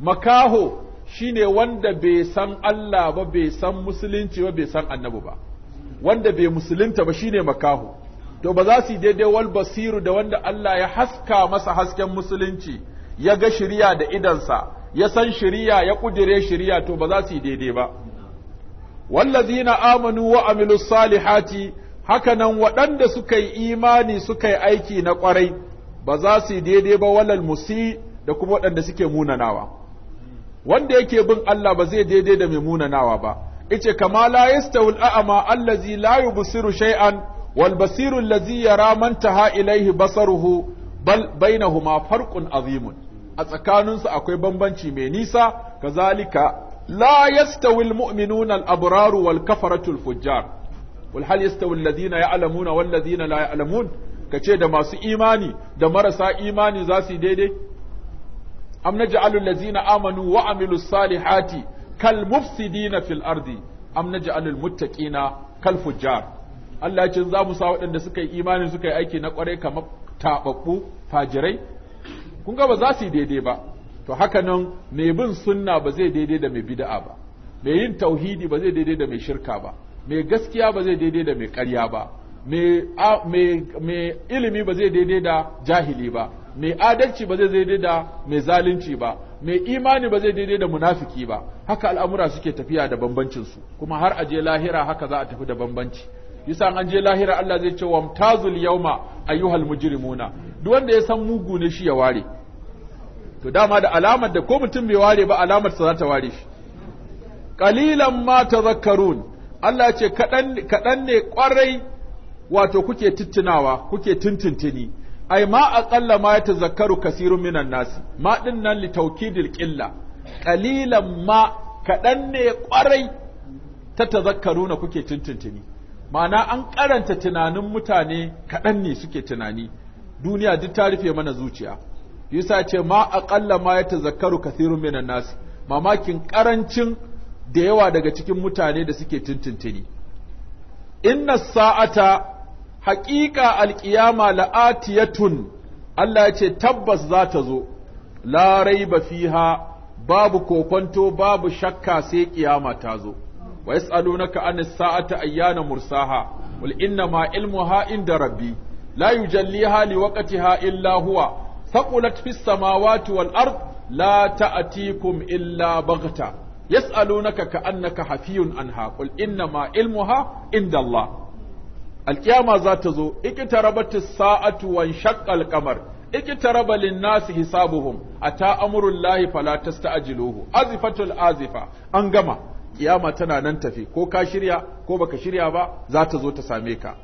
Speaker 1: makaho shine wanda bai san Allah ba bai san musulunci ba bai san annabi ba wanda bai musulunta ba shine makaho to ba za su daidai wal basiru da wanda Allah ya haska masa hasken musulunci ya ga shiriya da idansa ya san shiriya ya kudire shiriya to ba za su daidai ba wallazina amanu wa amilus salihati haka nan waɗanda suka yi imani suka yi aiki na ƙwarai ba za su yi daidai ba walal musi da kuma waɗanda suke munanawa wanda yake bin Allah ba zai daidai da mai munanawa ba ice kama la yastawul a'ama allazi la yubsiru shay'an wal basiru allazi yara man taha ilaihi basaruhu bal bainahuma farqun azimun a tsakaninsu akwai bambanci mai nisa kazalika la yastawil mu'minuna al abraru wal kafaratul fujjar wal hal yastawi alladhina ya'lamuna wal ladhina la ya'lamun kace da masu imani da marasa imani za su daidai am naj'alul ladzina amanu wa amilus salihati kal mufsidina fil ardi am naj'alul muttaqina kal fujjar Allah ya ce za mu sa waɗanda suka yi imani suka yi aiki na ƙwarai kamar taɓaɓɓu fajirai kun ga ba za su yi daidai ba to haka nan mai bin sunna ba zai daidai da mai bid'a ba mai yin tauhidi ba zai daidai da mai shirka ba mai gaskiya ba zai daidai da mai ƙarya ba mai ilimi ba zai daidai da jahili ba mai adalci ba zai daidai da mai zalunci ba mai imani ba zai daidai da munafiki ba haka al'amura suke tafiya da bambancinsu kuma har aje lahira haka za a tafi da bambanci yasa an je lahira Allah zai ce wamtazul yawma ayyuhal mujrimuna duk wanda ya san mugu ne shi ya ware to dama da alamar da ko mutum bai ware ba alamar sa za ta ware shi qalilan ma tazakkarun Allah ce kaɗan ne ƙwarai wato kuke tittunawa kuke tuntuntuni ai ma aqalla ma tazakkaru kasirun minan nasi ma din nan li tawkidil qilla qalilan ma kaɗan ne ƙwarai na kuke tuntuntuni ma'ana an karanta tunanin mutane kaɗan ne suke tunani duniya duk ta rufe mana zuciya yasa ce ma aƙalla ma tazakkaru kathirun minan nasi. mamakin karancin da yawa daga cikin mutane da suke tuntuntuni inna sa'ata haƙiƙa alƙiyama la'atiyatun Allah ya ce tabbas za ta zo la raiba fiha babu kokonto babu shakka sai ƙiyama ta zo wa na an sa'ata ayyana mursaha wal inna ma ilmuha inda rabbi la hali waƙati illa huwa thaqulat fi samawati wal ard la ta'tikum illa baghta yas'alunaka ka'annaka hafiyun anha qul innama ilmuha indallah alkiyama za ta zo iqtarabatis sa'atu wan shaqqal qamar اقترب للناس حسابهم أتى أمر الله فلا تستعجلوه أزفة الآزفة أنقما قيامة تنا ننتفي كو كاشريا كو بكاشريا با ذات زوت ساميكا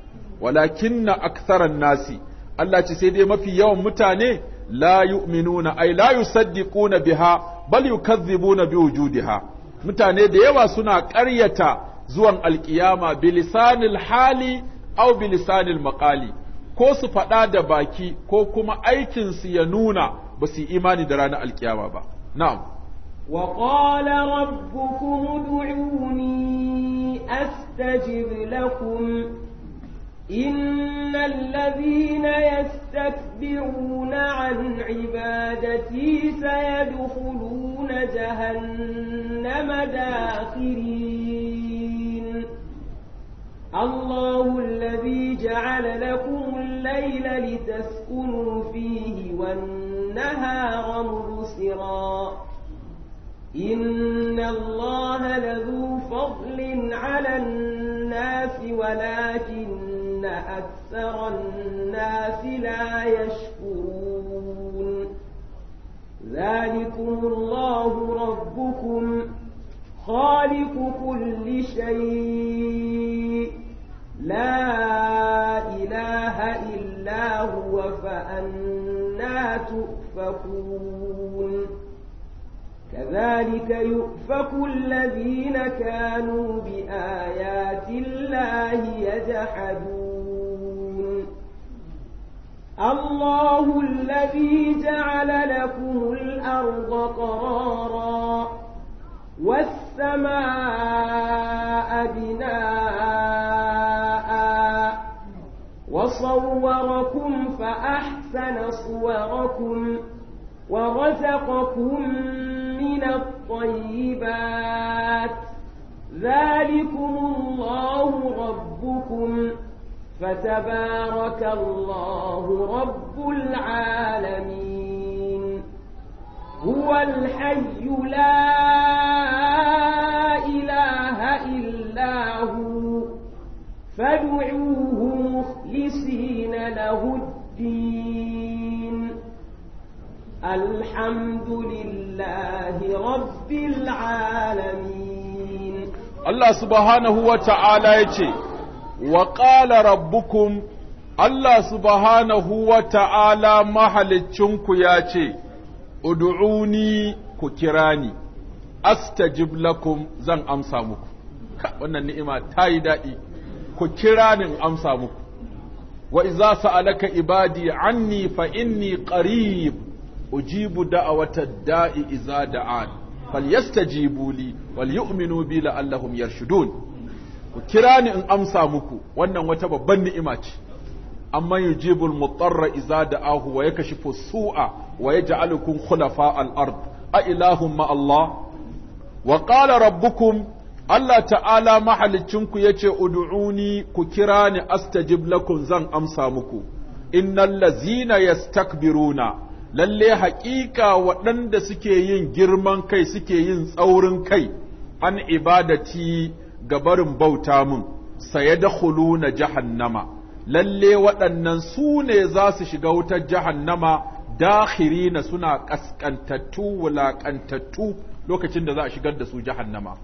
Speaker 1: ولكن أكثر الناس الله تسيدي ما في يوم متاني لا يؤمنون أي لا يصدقون بها بل يكذبون بوجودها mutane da yawa suna ƙaryata zuwan alƙiyama bilisanil hali au bilisanil maƙali ko su faɗa da baki ko kuma aikinsu ya nuna ba su yi imani da ranar alkiyama ba na'am
Speaker 2: qala rabbukum ud'uni astajib lakum إن الذين يستكبرون عن عبادتي سيدخلون جهنم داخرين الله الذي جعل لكم الليل لتسكنوا فيه والنهار مبصراً إن الله لذو فضل على الناس ولكن أكثر الناس لا يشكرون ذلكم الله ربكم خالق كل شيء ذلك يؤفك الذين كانوا بآيات الله يجحدون الله الذي جعل لكم الأرض قرارا والسماء بناء وصوركم فأحسن صوركم ورزقكم من الطيبات ذلكم الله ربكم فتبارك الله رب العالمين هو الحي لا إله إلا هو فادعوه مخلصين له الدين الحمد لله رب العالمين
Speaker 1: الله سبحانه وتعالى يتي وقال ربكم الله سبحانه وتعالى محلتشنك ياتي ud'uni ku kira ni astajib lakum zan amsa muku wannan ni'ima ta yi daɗi ku kira ni amsa muku wa iza sa'alaka ibadi anni fa inni qarib ujibu wata da'i iza da'an falyastajibu li wal yu'minu bi la'allahum yarshudun ku kira ni in amsa muku wannan wata babban ni'ima ce amma yujibul mutarra iza da'ahu wa yakashifu su'a wa yaj'alukum khulafa al-ard a ilahum Allah wa qala rabbukum Allah ta'ala mahalicinku ya ce, Udu'uni ku kira ni astajib lakum zan amsa muku, innal lazina yastakbiruna lalle haƙiƙa waɗanda suke yin girman kai suke yin tsaurin kai an ibadati ga barin bauta mun saye da na jahannama lalle waɗannan su ne za su shiga wutar jahannama na suna ƙasƙantattu wulaƙantattu lokacin da za a shigar da su jahannama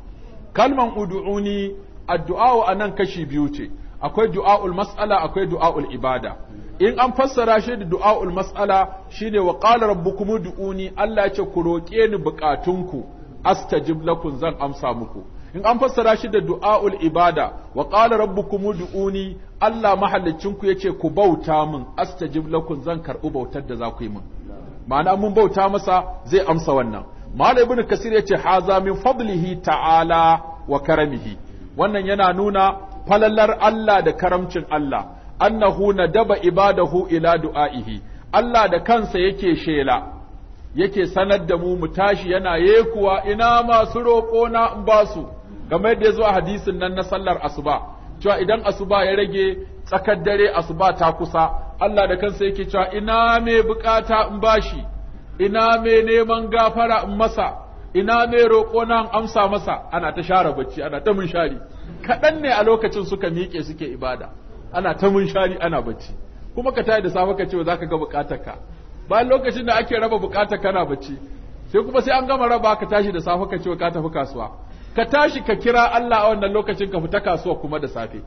Speaker 1: kalman udu'uni addu'a a nan kashi biyu ce akwai du'a'ul mas'ala akwai du'a'ul ibada in an fassara shi da du'a'ul mas'ala shine wa qala rabbukum du'uni Allah ya ce ku roke ni bukatunku astajib lakum zan amsa muku in an fassara shi da du'a'ul ibada wa qala rabbukum du'uni Allah mahallicinku yace ku bauta min astajib lakum zan karbu bautar da za ku yi min ma'ana mun bauta masa zai amsa wannan malam ibnu kasir yace haza min fadlihi ta'ala wa karamihi wannan yana nuna falalar Allah da karamcin Allah annahu nadaba ibadahu ila du'aihi Allah da kansa yake shela yake sanar da mu mu tashi yana yekuwa ina masu roƙo na in ba su game yadda ya zo hadisin nan na sallar asuba cewa idan asuba ya rage tsakar dare asuba ta kusa Allah da kansa yake cewa ina mai bukata in bashi ina mai neman gafara in masa ina ne roƙo na amsa masa ana ta share bacci ana ta munshari kaɗan ne a lokacin suka miƙe suke ibada ana ta munshari ana bacci kuma ka tayi da safe ka ce za ka ga buƙatarka bayan lokacin da ake raba buƙatar kana bacci sai kuma sai an gama raba ka tashi da safe ka ce ka tafi kasuwa ka tashi ka kira Allah a wannan lokacin ka fita kasuwa kuma da safe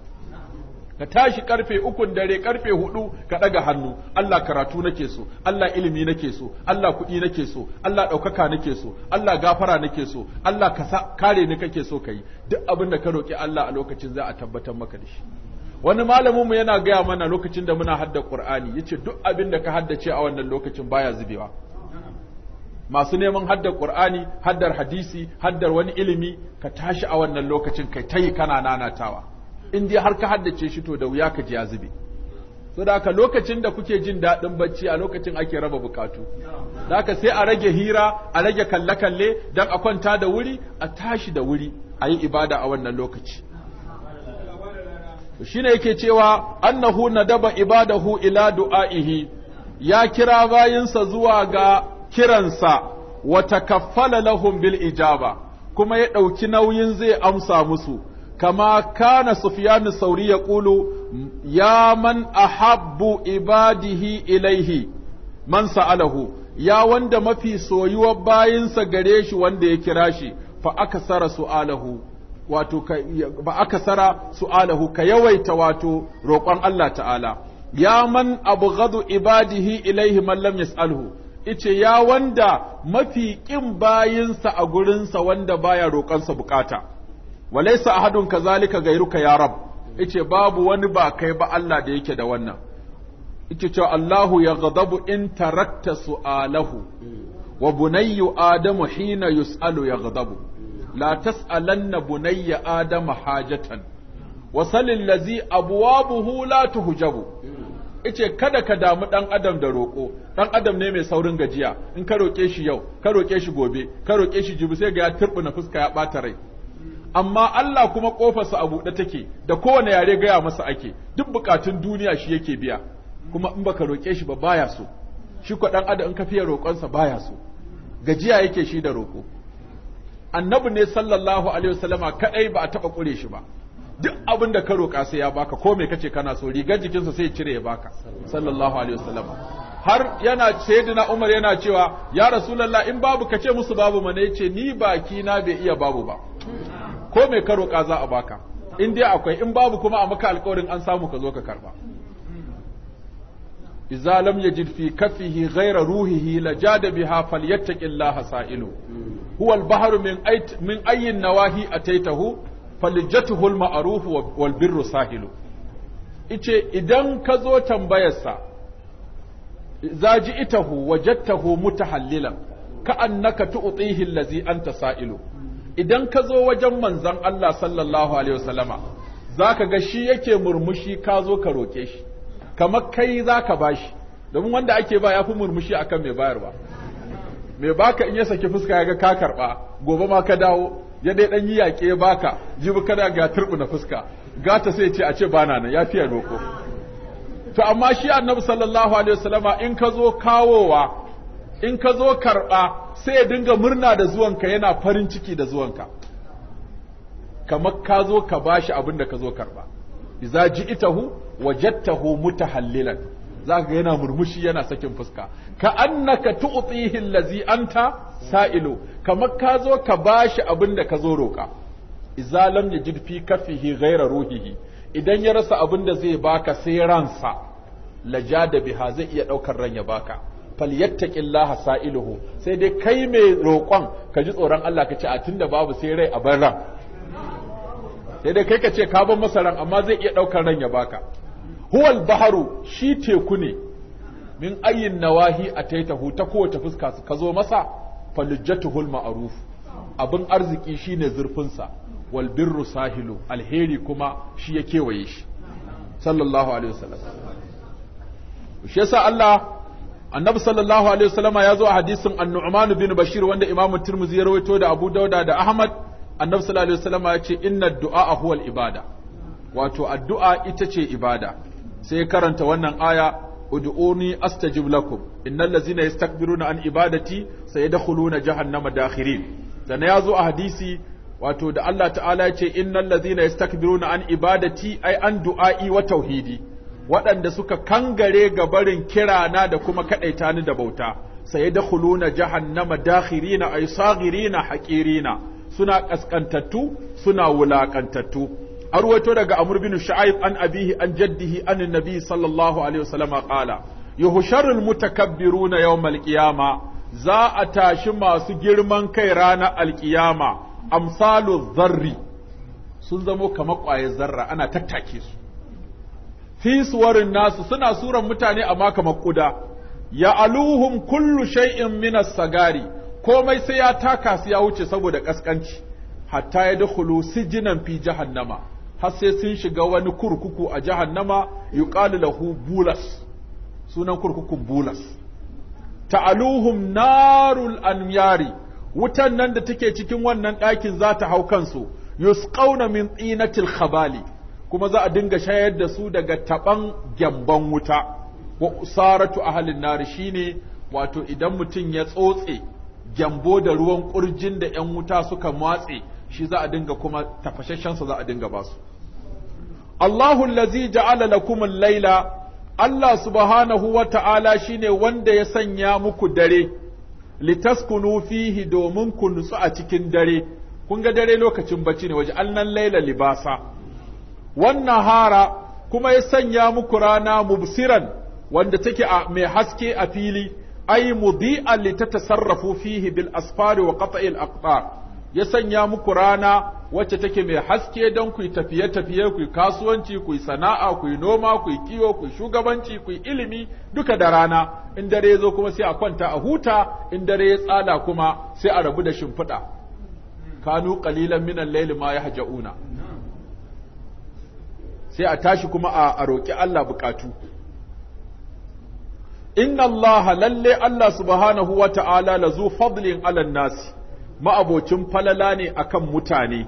Speaker 1: ka tashi karfe ukun dare karfe hudu ka daga hannu Allah karatu nake so Allah ilimi nake so Allah kuɗi nake so Allah ɗaukaka nake so Allah gafara nake so Allah ka kare ni kake so kai duk abin da ka roki Allah a lokacin za a tabbatar maka da shi wani malamin mu yana gaya mana lokacin da muna hadda Qur'ani yace duk abin da ka haddace a wannan lokacin baya zubewa masu neman haddar Qur'ani haddar hadisi haddar wani ilimi ka tashi a wannan lokacin kai tayi kana nanatawa in dai har ka haddace shi to da wuya ka ji ya zube so lokacin da kuke jin daɗin bacci a lokacin ake raba bukatu da haka sai a rage hira a rage kalle-kalle dan a kwanta da wuri a tashi da wuri a yi ibada a wannan lokaci shi ne yake cewa annahu nadaba ibadahu ila du'a'ihi ya kira bayinsa zuwa ga kiransa wa takaffala lahum bil ijaba kuma ya ɗauki nauyin zai amsa musu كما كان سفيان الثوري يقول يا من أحب عباده إليه من سأله يا وند ما في سوي وباين سجريش وند يكراشي فأكثر سؤاله wato ba aka sara su'alahu ka yawaita wato roƙon Allah ta'ala ya man abghadu ibadihi ilaihi man lam yas'alhu ice ya wanda mafi ƙin bayinsa a gurinsa wanda baya roƙonsa buƙata. walaysa ahadun kazalika gairuka ya rab yace babu wani ba kai ba Allah da yake da wannan yace cewa Allahu ya ghadabu in tarakta su'alahu wa bunayyu adamu hina yus'alu ya ghadabu la tas'alanna bunayya adama hajatan wa salil ladhi abwabuhu la tuhjabu ice kada ka damu dan adam da roƙo Dan adam ne mai saurin gajiya in ka roƙe shi yau ka roƙe shi gobe ka roƙe shi jibi sai ga ya turɓuna fuska ya ɓata rai amma Allah kuma ƙofarsa a buɗe take da kowane yare gaya masa ake duk buƙatun duniya shi yake biya kuma in baka roƙe shi ba baya so shi ko dan adam in ka fiye roƙonsa baya so gajiya yake shi da roƙo annabi ne sallallahu alaihi wasallama kadai ba a taba kure shi ba duk abin da ka roƙa sai ya baka ko me kace kana so rigar jikinsa sai ya cire ya baka sallallahu alaihi wasallama har yana sayyidina Umar yana cewa ya rasulullah in babu kace musu babu mana yace ni baki na bai iya babu ba ko mai karoka za a baka in dai akwai in babu kuma a maka alƙawarin an samu ka zo ka karba idza lam yajid fi kafihi ghayra ruhihi lajada biha falyattaqillaha sa'ilu huwa al-bahru min ayt min ayyin nawahi ataitahu falijatuhu al-ma'ruf sahilu ice idan ka zo tambayarsa zaji itahu wajadtahu mutahallilan ka annaka tu'tihi allazi anta sa'ilu idan ka zo wajen manzan Allah sallallahu alaihi wasallama ka ga shi yake murmushi ka zo ka roƙe shi kamar kai za ka ba shi. domin wanda ake ba ya fi murmushi a kan mai bayarwa mai baka in ya saki fuska ya ga ka karɓa, gobe ma ka dawo ya dai ɗan yi yaƙe ya baka jibi kada ga turbu fuska gata sai ce a ce bana nan ya fiye to amma shi annabi sallallahu alaihi wasallama in ka zo kawowa in ka zo karɓa. sai ya dinga murna da zuwanka yana farin ciki da zuwanka kamar ka zo ka bashi abin da ka zo karba iza ji'tahu wajadtahu mutahallilan zaka ga yana murmushi yana sakin fuska ka annaka tu'tihi allazi anta sa'ilu kamar ka zo ka bashi abin da ka zo roka iza lam yajid fi kafihi ghayra ruhihi idan ya rasa abin da zai baka sai ransa lajada biha zai iya daukar ran ya baka falyattaqillaha sa'iluhu sai dai kai mai roƙon ka ji tsoron Allah ka ce a tunda babu sai rai a bar ran sai dai kai ka ce ka ban masa ran amma zai iya ɗaukar ran ya baka huwal baharu shi teku ne min ayyin nawahi a ataitahu ta kowace fuska su ka zo masa falujjatuhul ma'ruf abin arziki shine zurfin sa wal birru sahilu alheri kuma shi ya kewaye shi sallallahu alaihi wasallam shi yasa Allah annabi sallallahu alaihi wasallama ya zo a hadisin annu'man bin bashir wanda imam tirmidhi ya rawaito da abu dauda da ahmad annabi sallallahu alaihi wasallama ya ce inna du'a huwa ibada wato addu'a ita ce ibada sai karanta wannan aya ud'uni astajib lakum innal ladzina yastakbiruna an ibadati sayadkhuluna jahannama dakhirin sannan ya zo a hadisi wato da Allah ta'ala ya ce innal ladzina yastakbiruna an ibadati ay an du'ai wa tauhidi waɗanda suka kangare ga barin kirana da kuma kaɗaita ni da bauta sai da khuluna jahannama dakhirina ay saghirina haqirina suna kaskantattu suna wulakantattu arwato daga amr bin shu'aib an abihi an jaddihi an nabi sallallahu alaihi wasallam qala yuhsharul mutakabbiruna yawmal qiyama za a tashi masu girman kai ranar alkiyama amsalu zarri sun zamo kamar ƙwayar zarra ana tattake su fi suwarin nasu suna suran mutane a maka Makuda. ya aluhum kullu shay'in minas sagari komai sai ya taka su ya wuce saboda ƙasƙanci. hatta ya dakhulu sijinan fi nama. har sai sun shiga wani kurkuku a jahannama yuqalu lahu bulas sunan kurkukun bulas Ta aluhun narul anyari wutan nan da take cikin wannan ɗakin za ta hau kansu yusqauna min tsinatil khabali kuma za a dinga shayar da su daga taɓan gyamban wuta wa a ahlin nar shine wato idan mutum ya tsotse gyambo da ruwan ƙurjin da ƴan wuta suka matse shi za a dinga kuma tafashashen za a dinga ba su. Allahu allazi ja'ala lakum al-laila Allah subhanahu wa ta'ala shine wanda ya sanya muku dare litaskunu fihi domin ku nutsu a cikin dare kun ga dare lokacin bacci ne waje annan laila libasa wannan hara kuma ya sanya muku rana mubsiran wanda take mai haske a fili ai mudi'an li tatasarrafu fihi bil asfari wa al aqtar ya sanya muku rana wacce take mai haske don ku tafiye tafiye ku kasuwanci ku sana'a ku noma ku kiwo ku shugabanci ku ilimi duka da rana in dare ya zo kuma sai a kwanta a huta in dare ya tsala kuma sai a rabu da shimfiɗa kanu qalilan minan layli ma yahja'una sai a tashi kuma a roƙi Allah buƙatu. inna Allah lalle Allah subhanahu wa ta'ala lazu fadlin alan nasi ma'abocin falala ne akan mutane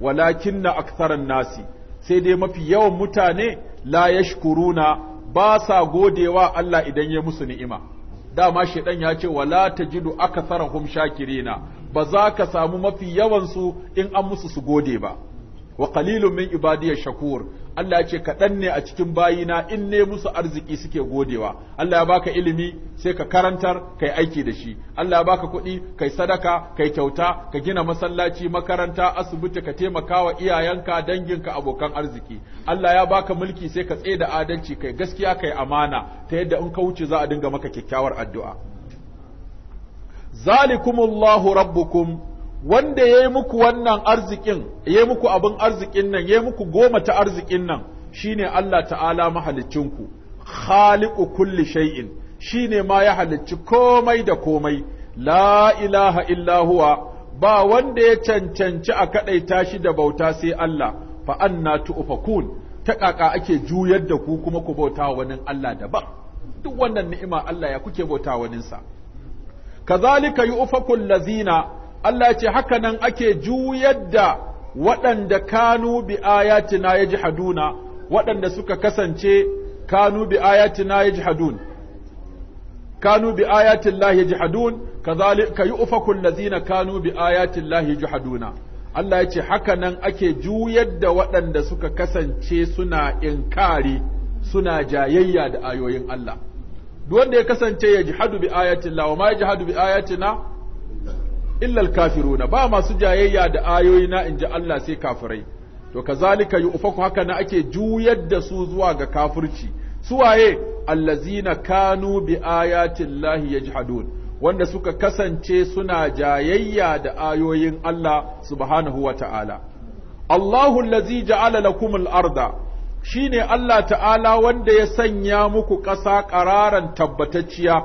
Speaker 1: walakin na aktaran nasi sai dai mafi yawan mutane la ya yashkuruna ba sa godewa Allah idan ya musu ni'ima dama shaɗan ya ce wala ta jidu tsara aktharahum shakirina ba za ka samu mafi yawansu in an musu su gode ba wa qalilun min ibadiyash shakur Allah ya ce kaɗan ne a cikin bayina in ne musu arziki suke godewa Allah ya baka ilimi sai ka karantar kai aiki da shi Allah ya baka kuɗi kai sadaka kai kyauta ka gina masallaci makaranta asibiti ka taimaka wa iyayenka danginka abokan arziki Allah ya baka mulki sai ka tsaye da adalci kai gaskiya kai amana ta yadda in ka wuce za a dinga maka kyakkyawar addu'a zalikumullahu rabbukum wanda ya yi muku wannan arzikin ya yi muku abin arzikin nan ya yi muku goma ta arzikin nan shi ne Allah ta'ala mahalicinku khaliqu kulli shay'in ne ma ya halicci komai da komai la ilaha illa huwa ba wanda ya cancanci a kaɗaita shi da bauta sai Allah fa anna tu'fakun ta ƙaƙa ake juyar da ku kuma ku bauta wani Allah daban duk wannan ni'ima Allah ya kuke bauta waninsa kazalika yu'fakul lazina Allah ya ce haka nan ake juyar da waɗanda kanu bi ayatina haduna, waɗanda suka kasance kanu bi ayatina hadun. kanu bi ayatin Allah ka kazalika ufakun allazina kanu bi ayatin Allah haduna. Allah ya ce haka nan ake juyar da waɗanda suka kasance suna inkari suna jayayya da ayoyin Allah duk wanda ya kasance ya hadu bi ayatin Allah wa ma ya hadu bi ayatina illal kafiruna ba masu jayayya da ayoyina in ji Allah sai kafirai to kazalika yu'faku haka na ake juyar da su zuwa ga kafirci suwaye allazina kanu bi ayatin lahi yajhadun wanda suka kasance suna jayayya da ayoyin Allah subhanahu wa ta'ala Allahu allazi ja'ala lakum al-arda shine Allah ta'ala wanda ya sanya muku ƙasa ƙararan tabbatacciya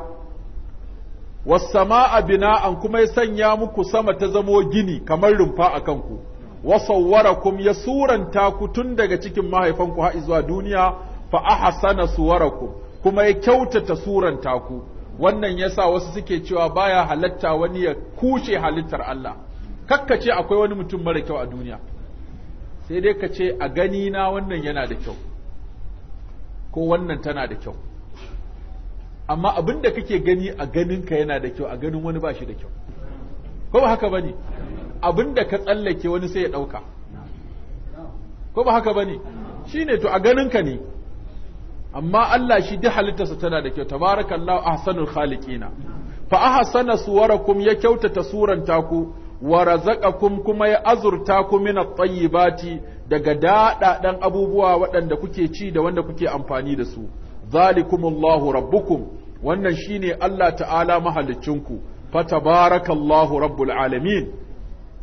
Speaker 1: wasama'a bina'an kuma ya sanya muku sama ta zamo gini kamar rumfa a kanku kuma ya suranta ku tun daga cikin mahaifanku har zuwa duniya fa a hasana ahsana ku. kuma ya kyautata suranta ku wannan ya sa wasu suke cewa baya halatta wani ya kushe halittar Allah kakkace akwai wani mutum mara kyau a duniya sai dai ka ce a gani na wannan yana da kyau ko wannan tana da kyau amma abin da kake gani a ganin yana da kyau a ganin wani ba shi da kyau ko ba haka bane abin da ka tsallake wani sai ya ɗauka ko ba haka bane shine to a ganin ka ne amma Allah shi duk halittarsa tana da kyau tabarakallahu ahsanul khaliqina fa ahsana suwarakum ya kyautata suranta ku wa razaqakum kuma ya azurta ku min at-tayyibati daga daɗaɗan abubuwa waɗanda kuke ci da wanda kuke amfani da su zalikumullahu rabbukum wannan shine Allah ta'ala mahalicinku fatabarakallahu rabbul alamin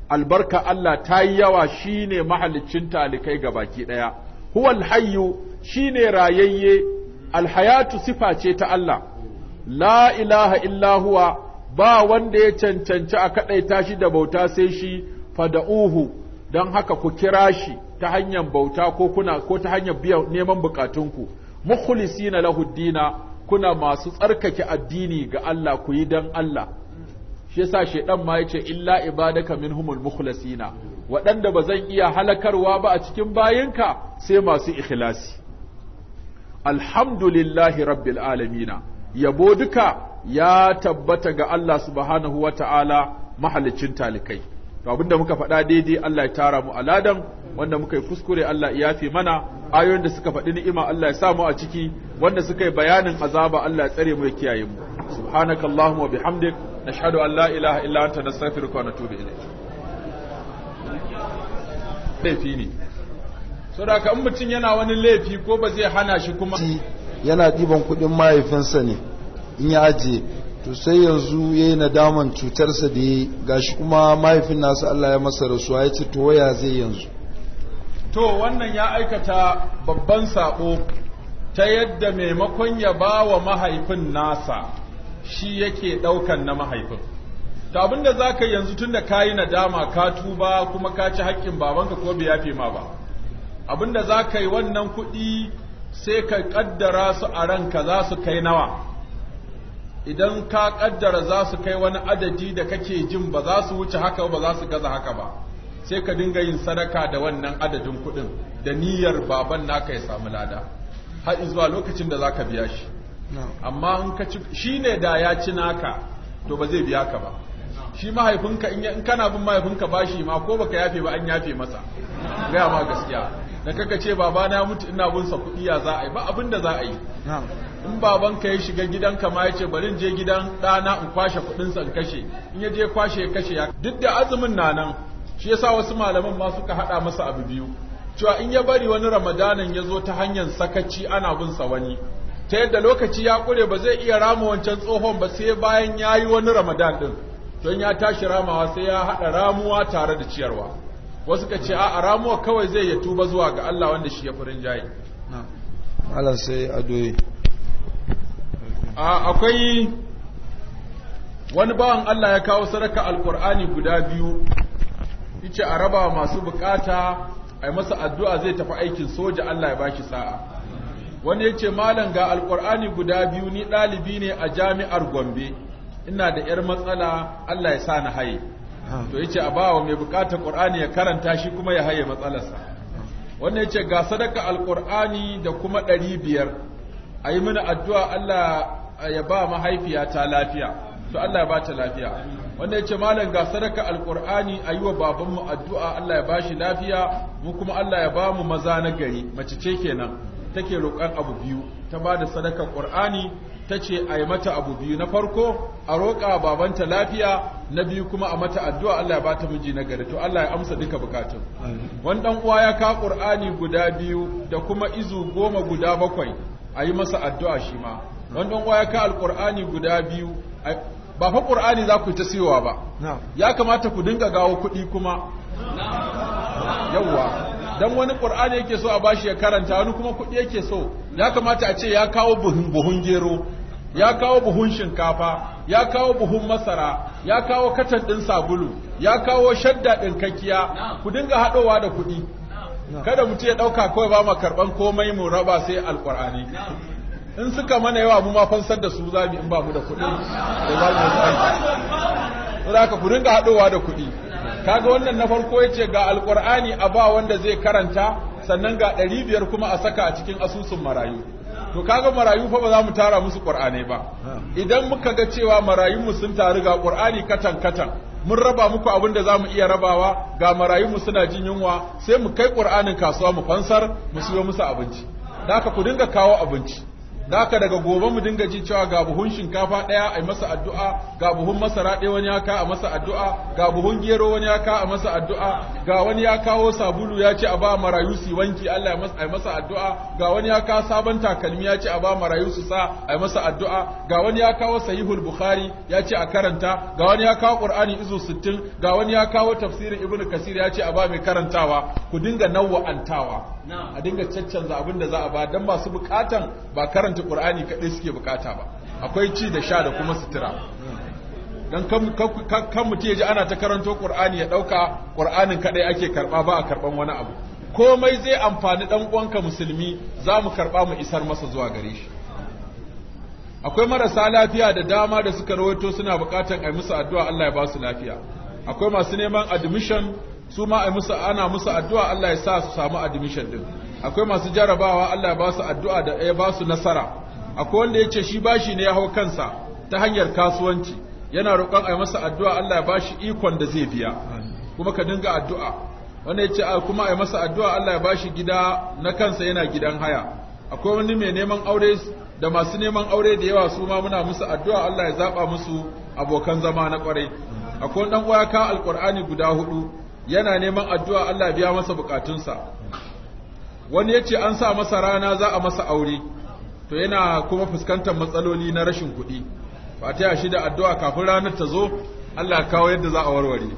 Speaker 1: albarka Allah ta yi yawa shine mahalicin talikai ga baki daya huwal hayyu shine rayayye alhayatu sifa ce ta Allah la ilaha illa huwa ba wanda ya cancanci a kadaita shi da bauta sai shi fada'uhu don haka ku kira shi ta hanyar bauta ko kuna ko ta hanyar biyan neman bukatunku mukhlisina lahu dina kuna masu tsarkake addini ga Allah ku yi dan Allah shi yasa shedan ma yace illa ibadaka minhumul mukhlasina waɗanda ba zan iya halakarwa ba a cikin bayinka sai masu ikhlasi alhamdulillahi rabbil alamina yabo duka ya tabbata ga Allah subhanahu wata'ala mahalicin talikai to da muka faɗa daidai Allah ya tara mu aladan wanda muka yi kuskure Allah ya yafe mana ayoyin da suka faɗi ni'ima Allah ya sa mu a ciki wanda suka yi bayanin azaba Allah ya tsare mu ya kiyaye mu subhanakallahumma wa bihamdik nashhadu an la ilaha illa anta nastaghfiruka wa natubu ilayk laifi ne saboda ka in mutum yana wani laifi ko ba zai hana shi kuma yana ɗiban kuɗin mahaifinsa ne in ya ajiye to sai yanzu ya yi nadaman cutarsa da ya gashi kuma mahaifin nasu Allah ya masa rasuwa ya ce to waya zai yanzu to wannan ya aikata babban sabo ta yadda maimakon ya ba wa mahaifin nasa shi yake ɗaukan na mahaifin to abinda za ka yanzu tun da ka yi nadama ka tuba kuma ka ci haƙƙin babanka ko bai yafe ma ba abinda za ka yi wannan kuɗi sai ka ƙaddara su a ranka za su kai nawa idan ka kaddara za su kai wani adadi da kake jin ba za su wuce haka ba za su gaza haka ba sai ka dinga yin sadaka da wannan adadin kuɗin da niyyar baban naka ya samu lada har zuwa lokacin da za ka biya shi amma in ka ci shi ne da ya ci naka to ba zai biya ka ba shi mahaifinka in kana bin mahaifinka bashi ma ko baka yafe ba an yafe masa gaya ma gaskiya da kaka ce babana ya mutu ina bin sa kuɗi ya za a yi ba abin da za a yi in babanka ya shiga gidanka ma ya ce bari in je gidan ɗana in kwashe kuɗin in kashe in ya je kwashe ya kashe ya duk da azumin na nan shi yasa wasu malaman ma suka haɗa masa abu biyu cewa in ya bari wani ramadanan ya zo ta hanyar sakaci ana bin sa wani ta yadda lokaci ya ƙure ba zai iya rama wancan tsohon ba sai bayan ya yi wani ramadan ɗin don ya tashi ramawa sai ya haɗa ramuwa tare da ciyarwa wasu ka ce a ramuwa kawai zai ya tuba zuwa ga Allah wanda shi ya furin jayi. Allah sai adoyi. akwai wani bawan Allah ya kawo sadaka alkur'ani guda biyu yace a raba masu bukata ai masa addu'a zai tafi aikin soja Allah ya bashi sa'a wani yace malam ga alkur'ani guda biyu ni dalibi ne a jami'ar Gombe ina da yar matsala Allah ya sa ni haye to yace a bawa mai bukatar Qur'ani ya karanta shi kuma ya haye matsalarsa wani yace ga sadaka alkur'ani da kuma 500 ayi mana addu'a Allah ya ba mahaifiya ta lafiya to Allah ya ba ta lafiya wanda yace malam ga sadaka alqur'ani ayuwa baban mu addu'a Allah ya bashi lafiya mu kuma Allah ya ba mu maza na gari mace ce kenan take roƙan abu biyu ta ba da sadaka qur'ani tace ayi mata abu biyu na farko a roƙa babanta lafiya na biyu kuma a mata addu'a Allah ya ba ta miji na gari to Allah ya amsa duka bukatun wani dan uwa ya ka qur'ani guda biyu da kuma izu goma guda bakwai ayi masa addu'a shi ma wani don ya ka alƙur'ani guda biyu ba fa ƙur'ani za ku ta siyowa ba ya kamata ku dinga gawo kuɗi kuma yawwa dan wani ƙur'ani yake so a bashi ya karanta wani kuma kuɗi yake so ya kamata a ce ya kawo buhun gero ya kawo buhun shinkafa ya kawo buhun masara ya kawo katan ɗin sabulu ya kawo shadda din kakkiya ku dinga haɗowa da kuɗi kada mutum ya ɗauka kawai ba ma karɓan komai mu raba sai alƙur'ani in suka mana yawa mu ma fansar da su za mu in ba mu da kuɗi da za mu sai ku dinga haɗowa da kuɗi kaga wannan na farko yace ga alqur'ani a ba wanda zai karanta sannan ga ɗari biyar kuma a saka a cikin asusun marayu to kaga marayu fa ba za mu tara musu ƙur'anai ba idan muka ga cewa marayun mu sun taru ga ƙur'ani katan katan mun raba muku abin da za mu iya rabawa ga marayun mu suna jin yunwa sai mu kai ƙur'anin kasuwa mu fansar mu siyo musu abinci da haka ku dinga kawo abinci da haka daga gobe mu dinga ji cewa ga buhun shinkafa ɗaya a masa addu'a ga buhun masara ɗaya wani ya ka a masa addu'a ga buhun gero wani ya ka a masa addu'a ga wani ya kawo sabulu ya ce a ba marayu su wanki Allah ya masa addu'a ga wani ya kawo sabon takalmi ya ce a ba marayu su sa a masa addu'a ga wani ya kawo sahihul bukhari ya ce a karanta ga wani ya kawo qur'ani izu 60 ga wani ya kawo tafsirin ibnu kasir ya ce a ba mai karantawa ku dinga nawa'antawa a dinga caccanza abin da za a ba dan masu bukatan ba karanta karanta qur'ani kadai suke bukata ba akwai ci da sha da kuma sutura dan kan mutum ya ji ana ta karanto qur'ani ya ɗauka qur'anin kaɗai ake karba ba a karban wani abu komai zai amfani dan ka musulmi za mu karba mu isar masa zuwa gare shi akwai marasa lafiya da dama da suka rawaito suna bukatan ai musu addu'a Allah ya ba su lafiya akwai masu neman admission su ma ai musu ana musu addu'a Allah ya sa su samu admission din akwai masu jarabawa Allah ya ba su addu'a da ya ba su nasara akwai wanda ya ce shi bashi ne ya hau kansa ta hanyar kasuwanci yana roƙon a yi masa addu'a Allah ya ba shi ikon da zai biya kuma ka dinga addu'a wanda ya ce kuma a yi masa addu'a Allah ya ba shi gida na kansa yana gidan haya akwai wani mai neman aure da masu neman aure da yawa su ma muna musu addu'a Allah ya zaɓa musu abokan zama na ƙwarai akwai ɗan uwa ka alƙur'ani guda hudu yana neman addu'a Allah ya biya masa bukatunsa wani ya ce an sa masa rana za a masa aure to yana kuma fuskantar matsaloli na rashin kuɗi fatiha shi da addu'a kafin ranar ta zo Allah kawo yadda za a warware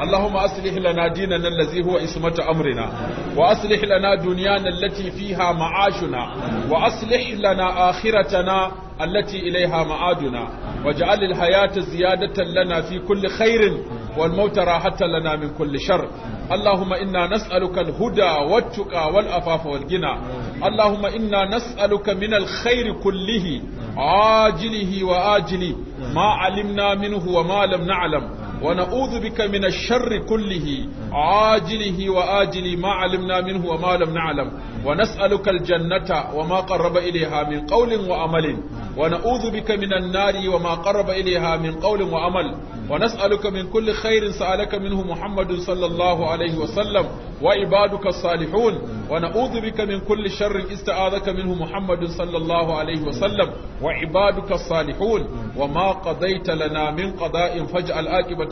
Speaker 1: Allahumma aslih lana dinana allazi huwa ismatu amrina wa aslih lana dunyana allati fiha ma'ashuna wa aslih lana akhiratana allati ilaiha ma'aduna waj'al al-hayata ziyadatan lana fi kulli khairin والموت راحة لنا من كل شر اللهم إنا نسألك الهدى والتقى والأفاف والجنى اللهم إنا نسألك من الخير كله عاجله وآجله ما علمنا منه وما لم نعلم ونعوذ بك من الشر كله عاجله وآجله ما علمنا منه وما لم نعلم ونسألك الجنة وما قرب إليها من قول وعمل ونعوذ بك من النار وما قرب إليها من قول وعمل ونسألك من كل خير سألك منه محمد صلى الله عليه وسلم وعبادك الصالحون ونعوذ بك من كل شر استعاذك منه محمد صلى الله عليه وسلم وعبادك الصالحون وما قضيت لنا من قضاء فاجعل آكبة